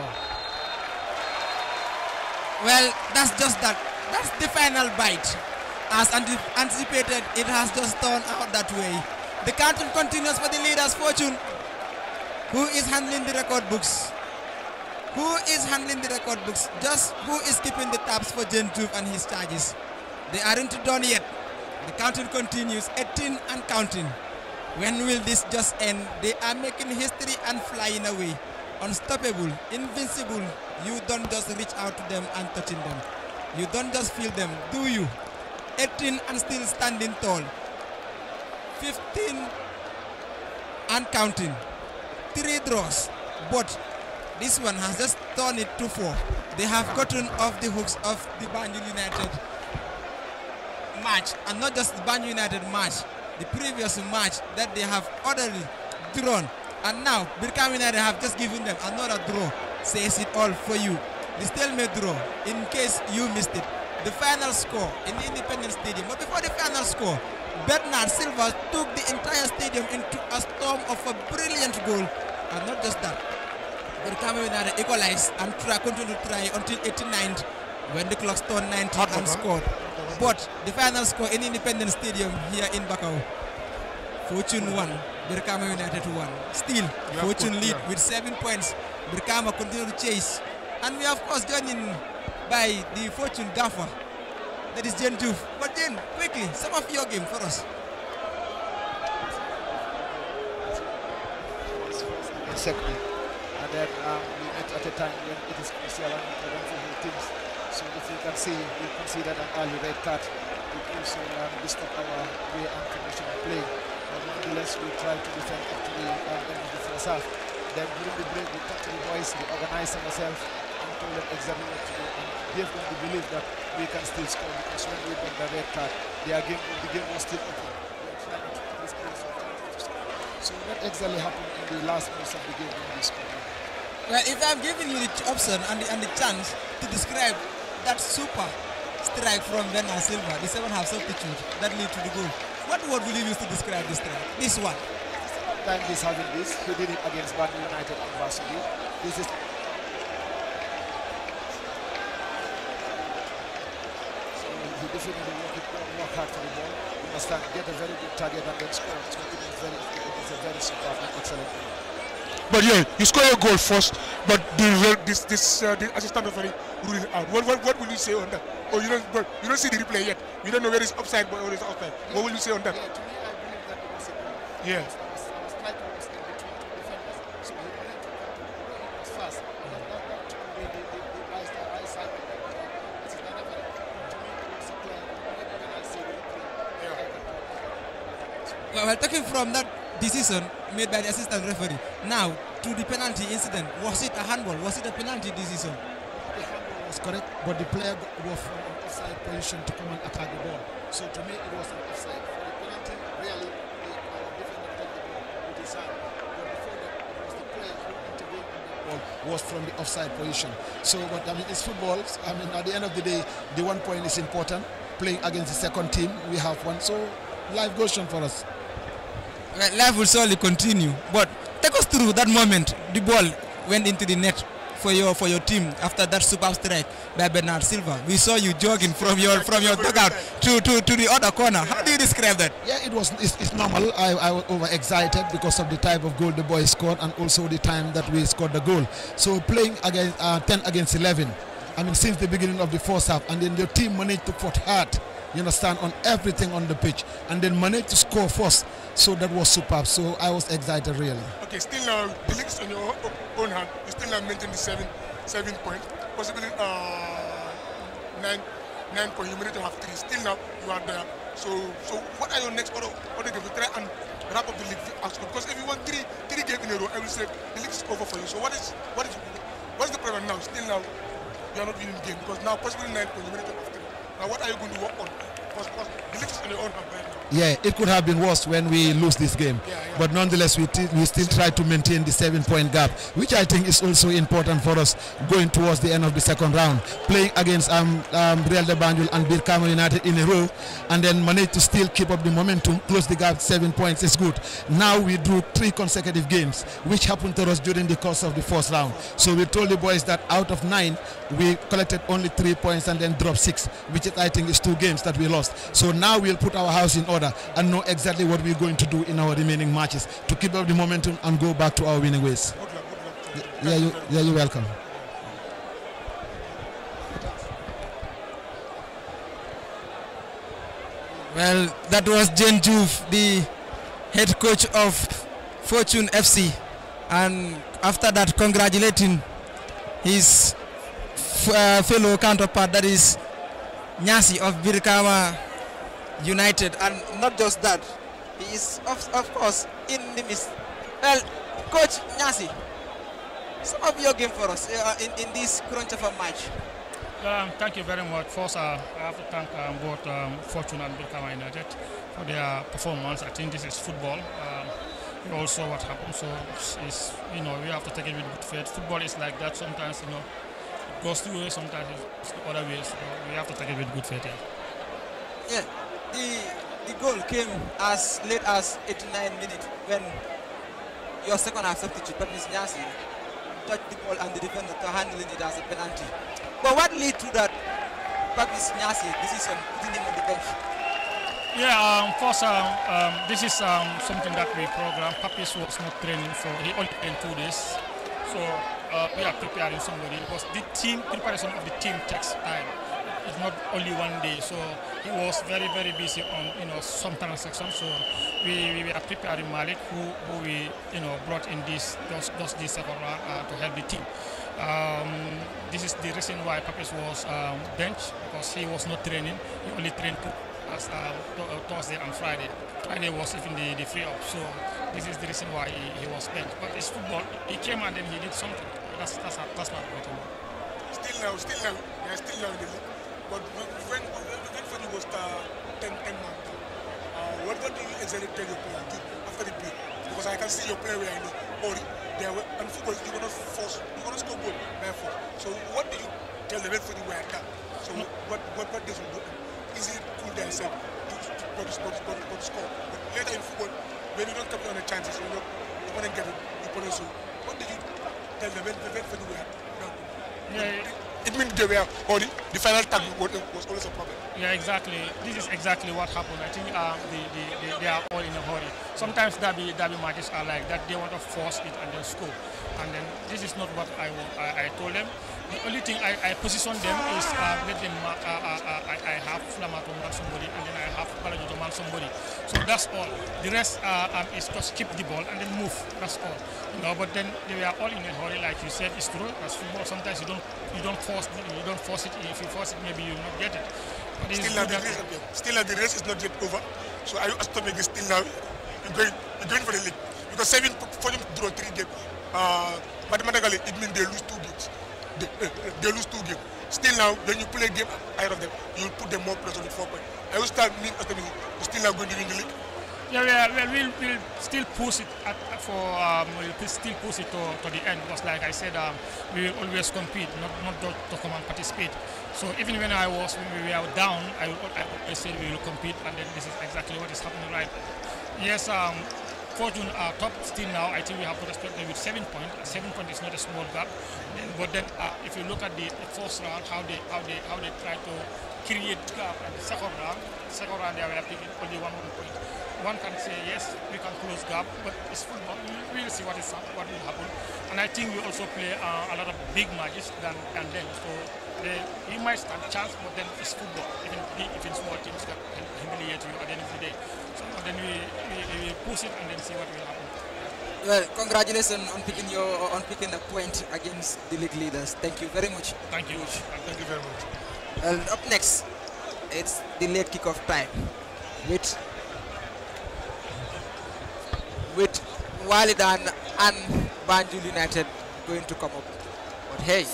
Well, that's just that. That's the final bite. As anticipated, it has just turned out that way. The counting continues for the leader's fortune. Who is handling the record books? Who is handling the record books? Just who is keeping the tabs for Gentoof and his charges? They aren't done yet. The counting continues, 18 and counting. When will this just end? They are making history and flying away unstoppable, invincible. You don't just reach out to them and touching them. You don't just feel them, do you? 18 and still standing tall. 15 and counting. Three draws, but this one has just turned it to four. They have gotten off the hooks of the Banjul United match, and not just the Banjul United match, the previous match that they have already drawn and now, Birkam United have just given them another draw. Says it all for you. The stalemate draw, in case you missed it. The final score in the Independence Stadium. But before the final score, Bernard Silva took the entire stadium into a storm of a brilliant goal. And not just that, Birkam United equalized and try, continued to try until 89th when the clock turned 90 and scored. But the final score in Independence Stadium here in Bakau, Fortune 1. Birkama United 1. Still, Fortune lead yeah. with 7 points. Birkama continue to chase. And we are, of course, joined in by the Fortune gaffer. That is Jen Duf. But then, quickly, some of your game for us. Exactly. And then um, we met at a time when it is crucial and for the teams. So if you can see, see that an early red card. It also um, disturbed our way and conditional play unless we try to defend actually um, uh, the first half. Then during the break, we talk to the boys, we organize ourselves, and tell them exactly what to do. And give them the belief that we can still score because when we got the red card, their game, the game was still open. So what exactly happened in the last minutes of the game when we scored? Well, if I've given you the option and the, and the chance to describe that super strike from Ben Silva, the seven-half substitute that lead to the goal. What word will you use to describe this track? This one. Time is having this. He did it against Man United University. This is He definitely work, it, work hard for the ball. You must get a very good target and then score. It's, very, it's a very superb, excellent but yeah, you score your goal first, but the, this this uh, the assistant referee ruled it out. What, what, what will you say on that? Oh, you don't but you don't see the replay yet. You don't know where it's upside or it's offside. What will you say on that? Yeah, to me, I believe that it was a goal. Yeah. between two defenders, so to the, side of the Well, taking from that decision made by the assistant referee. Now, to the penalty incident, was it a handball? Was it a penalty decision? The handball was correct, but the player was from an offside position to come and attack the ball. So to me, it was an offside. For the penalty, really, the defender took the ball with his hand. But before that, it was the player who intervened and the ball was from the offside position. So, but I mean, it's football. I mean, at the end of the day, the one point is important. Playing against the second team, we have one. So, life goes on for us life will surely continue. But take us through that moment. The ball went into the net for your for your team after that superb strike by Bernard Silva. We saw you jogging from your from your dugout to, to, to the other corner. How do you describe that? Yeah, it was it's, it's normal. I, I was overexcited because of the type of goal the boys scored and also the time that we scored the goal. So playing against uh, 10 against 11. I mean, since the beginning of the first half, and then your team managed to fight hard you understand, on everything on the pitch, and then managed to score first. So that was superb. So I was excited, really. Okay, still now, the league's on your own hand. You still now uh, maintain the seven, seven point, possibly uh, nine, nine point. You managed to have three. Still now, uh, you are there. So, so what are your next order? Order to try and wrap up the league Because if you want three, three games in a row, I will say the league is over for you. So what is, what is, what's the problem now? Still now, uh, you are not winning the game because now possibly nine point. You managed to have now what are you going to work on? Because, because the league in your own hand right yeah, it could have been worse when we lose this game. Yeah, yeah. But nonetheless, we, we still try to maintain the seven-point gap, which I think is also important for us going towards the end of the second round. Playing against um, um, Real de Banjul and Birkama United in a row, and then manage to still keep up the momentum, close the gap, seven points is good. Now we drew three consecutive games, which happened to us during the course of the first round. So we told the boys that out of nine, we collected only three points and then dropped six, which I think is two games that we lost. So now we'll put our house in order order and know exactly what we're going to do in our remaining matches to keep up the momentum and go back to our winning ways. Good luck, good luck. Yeah, you, yeah, you're welcome. Well, that was Jen Juve, the head coach of Fortune FC. And after that, congratulating his uh, fellow counterpart, that is Nyasi of Birkama United. And not just that, he is, of, of course, in the midst. Well, Coach Nyasi, some of your game for us uh, in, in this crunch of a match. Um, thank you very much. First, uh, I have to thank um, both um, Fortune and Birkama United for their performance. I think this is football. also, um, what happened. So, it's, it's, you know, we have to take it with good faith. Football is like that sometimes, you know, it goes two ways, sometimes it's the other way. So, we have to take it with good faith. yeah. yeah the, the goal came as late as 89 minutes when your second half substitute, Patrice Nyasi, touched the ball and the defender handling it as a penalty. But what led to that Patrice Nyasi decision putting him on the bench? Yeah, um, first, um, um, this is um, something that we program. Papis was not training for, he only trained two days. So uh, we are preparing somebody because the team, preparation of the team takes time it's not only one day. So he was very, very busy on, you know, some transactions. So we, we, we are preparing Malik, who, who we, you know, brought in this, those, those this second round uh, to help the team. Um, this is the reason why Papis was um, benched, because he was not training. He only trained two, uh, uh, Thursday and Friday. Friday was even the, the free up. So this is the reason why he, he was benched. But it's football. He came and then he did something. That's, that's, that's not what Still now, still now. still now but when when Fanny was uh, 10, 10 months, uh, what what do you exactly tell your player after the break? Because I can see your player where I or they were, and football you cannot force, you cannot score goal Therefore, So what do you tell the referee where I can? So what what what does it do? Is it cool themselves to, to, to, to, to, to, to score? But later in football, when you don't take on the chances, you know, you want to get it, you put it so. What did you tell the referee where? No. Yeah it means they were only the final tag was always a problem. Yeah, exactly. This is exactly what happened. I think um, they are all in a hurry. Sometimes derby, derby matches are like that. They want to force it and then score. And then this is not what I, I, I told them. The only thing I, I position them is uh, let them mark, uh, uh, uh, I, I have Flamma to mark somebody and then I have Balajo to mark somebody. So that's all. The rest uh, um, is just keep the ball and then move. That's all. You know, but then they were all in a hurry, like you said. It's true. As football, sometimes you don't you don't force you don't force it. If you force it, maybe you will not get it. But still, uh, the race, still, the race is not yet over. So are you it still now? You're going, you're going for the league because seven for them to draw three games. Uh, mathematically, it means they lose two games they, lose two games. Still now, when you play a game ahead of them, you put them more pressure the four points. I will start me after me, still I'm going to win the league. Yeah, we'll, we'll still push it at, for um, we'll still push it to, to the end because, like I said, um, we will always compete, not not just to come and participate. So even when I was when we were down, I, I, I said we will compete, and then this is exactly what is happening right. Yes, um, Fortune are top still now. I think we have to respect them with seven points. Seven points is not a small gap. But then, uh, if you look at the first round, how they how they how they try to create gap and the second round, second round they were picking only one more point. One can say yes, we can close gap, but it's football. We will see what is what will happen. And I think we also play uh, a lot of big matches than and then, So they, you might stand a chance, but then it's football. Even if it's small teams can humiliate you at the end of the day. So then we, we, we push it and then see what will happen. Well, congratulations on picking your on picking point against the league leaders. Thank you very much. Thank you. Thank you very much. And up next, it's the late kickoff time, with with Walidan and Banjul United going to come up. But hey,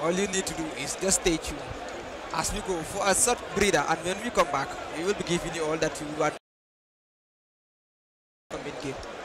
all you need to do is just stay tuned as we go for a short breather, and when we come back, we will be giving you all that you want. Come in game.